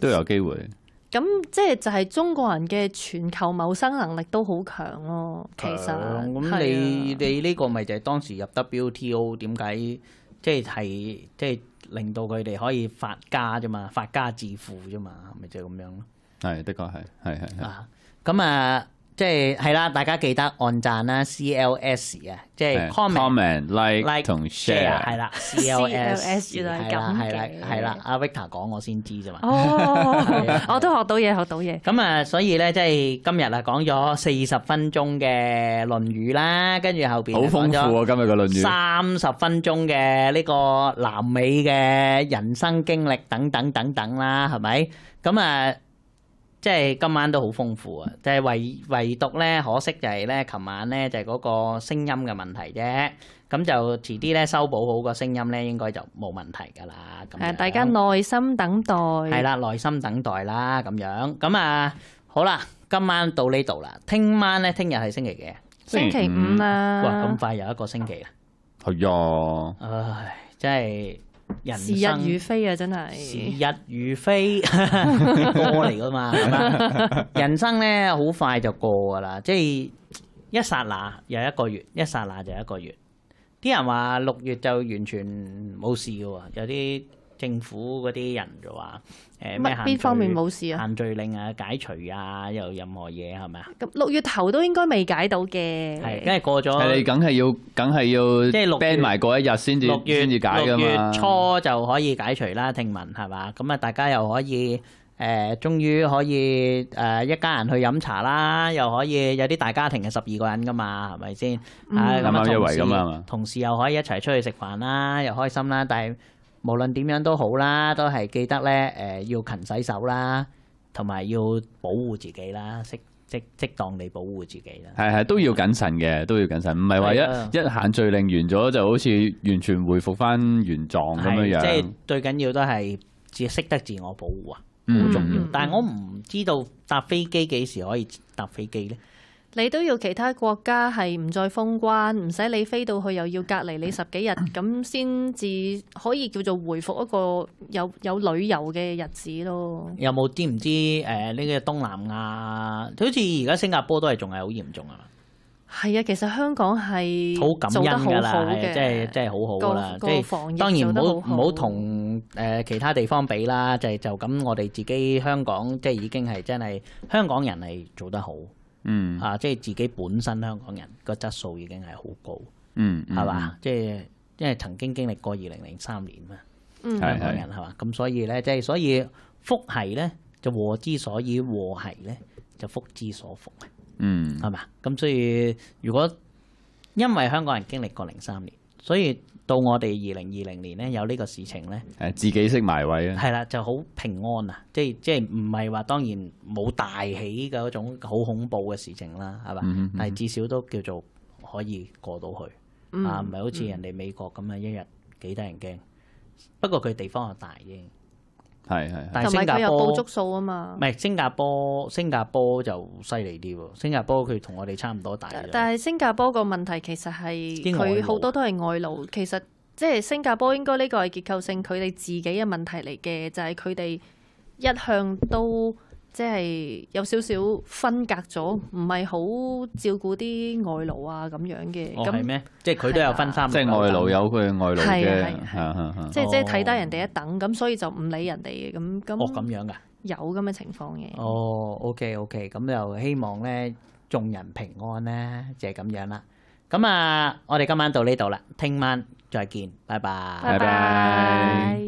都有機會。咁即係就係中國人嘅全球謀生能力都好強咯、啊。其實。咁、哦、你的你呢個咪就係當時入 WTO 點解？即係即係令到佢哋可以發家啫嘛，發家致富啫嘛，咪就係咁樣咯。係，的確係，係係。啊，咁啊。即係係啦，大家記得按讚啦，CLS 啊，即係 comment、like 同 share，係啦，CLS，原來咁嘅，係啦，係啦，阿 Victor 講我先知啫嘛，哦，我都學到嘢，學到嘢。咁啊，所以咧，即係今日啊，講咗四十分鐘嘅論語啦，跟住後邊好豐富啊，今日嘅論語，三十分鐘嘅呢個南美嘅人生經歷等等等等啦，係咪？咁啊。即係今晚都好豐富啊！即係唯唯獨咧，可惜就係咧，琴晚咧就係嗰個聲音嘅問題啫。咁就遲啲咧修補好個聲音咧，應該就冇問題㗎啦。咁誒，大家耐心等待。係啦，耐心等待啦，咁樣。咁啊，好啦，今晚到呢度啦。聽晚咧，聽日係星期幾？星期五啊！哇，咁快又一個星期啦！係啊！唉，即係。人時日如飛啊！真係時日如飛嘅歌嚟噶嘛？ 人生咧好快就過噶啦，即係一剎那又一個月，一剎那就一個月。啲人話六月就完全冇事噶，有啲。政府嗰啲人就話：誒咩？邊方面冇事啊？限聚令啊，解除啊，又任何嘢係咪啊？六月頭都應該未解到嘅，係，因為過咗。係你梗係要，梗係要，即係六 band 埋嗰一日先至先至解㗎嘛。六月初就可以解除啦，聽聞係嘛？咁啊，大家又可以誒，終於可以誒一家人去飲茶啦，又可以有啲大家庭嘅十二個人㗎嘛，係咪先？啊咁啊，同事同事又可以一齊出去食飯啦，又開心啦，但係，無論點樣都好啦，都係記得咧，誒要勤洗手啦，同埋要保護自己啦，適即適當地保護自己啦。係係都要謹慎嘅，都要謹慎，慎，唔係話一的一,一限聚令完咗就好似完全回復翻原狀咁樣樣。即係最緊要都係自識得自我保護啊，好重要。嗯嗯嗯但係我唔知道搭飛機幾時可以搭飛機咧。你都要其他國家係唔再封關，唔使你飛到去又要隔離你十幾日，咁先至可以叫做回復一個有有旅遊嘅日子咯。有冇知唔知誒？呢、呃、個東南亞好似而家新加坡都係仲係好嚴重啊。係啊，其實香港係做得好好嘅，即係即係好好啦。好啦，即係當然唔好唔好同誒其他地方比啦。就係、就咁，我哋自己香港即係已經係真係香港人係做得好。嗯，啊，即係自己本身香港人個質素已經係好高，嗯，嗯，係嘛？即係因為曾經經歷過二零零三年嘛，嗯、香港人係嘛？咁是是 所以咧，即係所以福係咧，就禍之所以禍係咧，就福之所福啊，嗯，係嘛？咁所以如果因為香港人經歷過零三年，所以。到我哋二零二零年呢，有呢個事情呢，誒自己識埋位啊，係啦，就好平安啊，即係即係唔係話當然冇大起嘅嗰種好恐怖嘅事情啦，係嘛？但係、嗯嗯、至少都叫做可以過到去，嗯、啊，唔係好似人哋美國咁樣一日幾得人驚，嗯、不過佢地方又大嘅。係係，但係佢又補足數吖嘛？唔係新加坡，新加坡，新加坡就犀利啲喎。新加坡佢同我哋差唔多大。但係新加坡個問題其實係佢好多都係外勞，其實即係新加坡應該呢個係結構性佢哋自己嘅問題嚟嘅，就係佢哋一向都。即係有少少分隔咗，唔係好照顧啲外勞啊咁樣嘅。哦，係咩？即係佢都有分三，即係外勞有佢嘅外勞嘅。係係係係。即係即係睇低人哋一等，咁所以就唔理人哋嘅。咁咁。哦，咁樣噶。有咁嘅情況嘅。哦，OK OK，咁就希望咧眾人平安咧，就係咁樣啦。咁啊，我哋今晚到呢度啦，聽晚再見，拜拜。拜拜。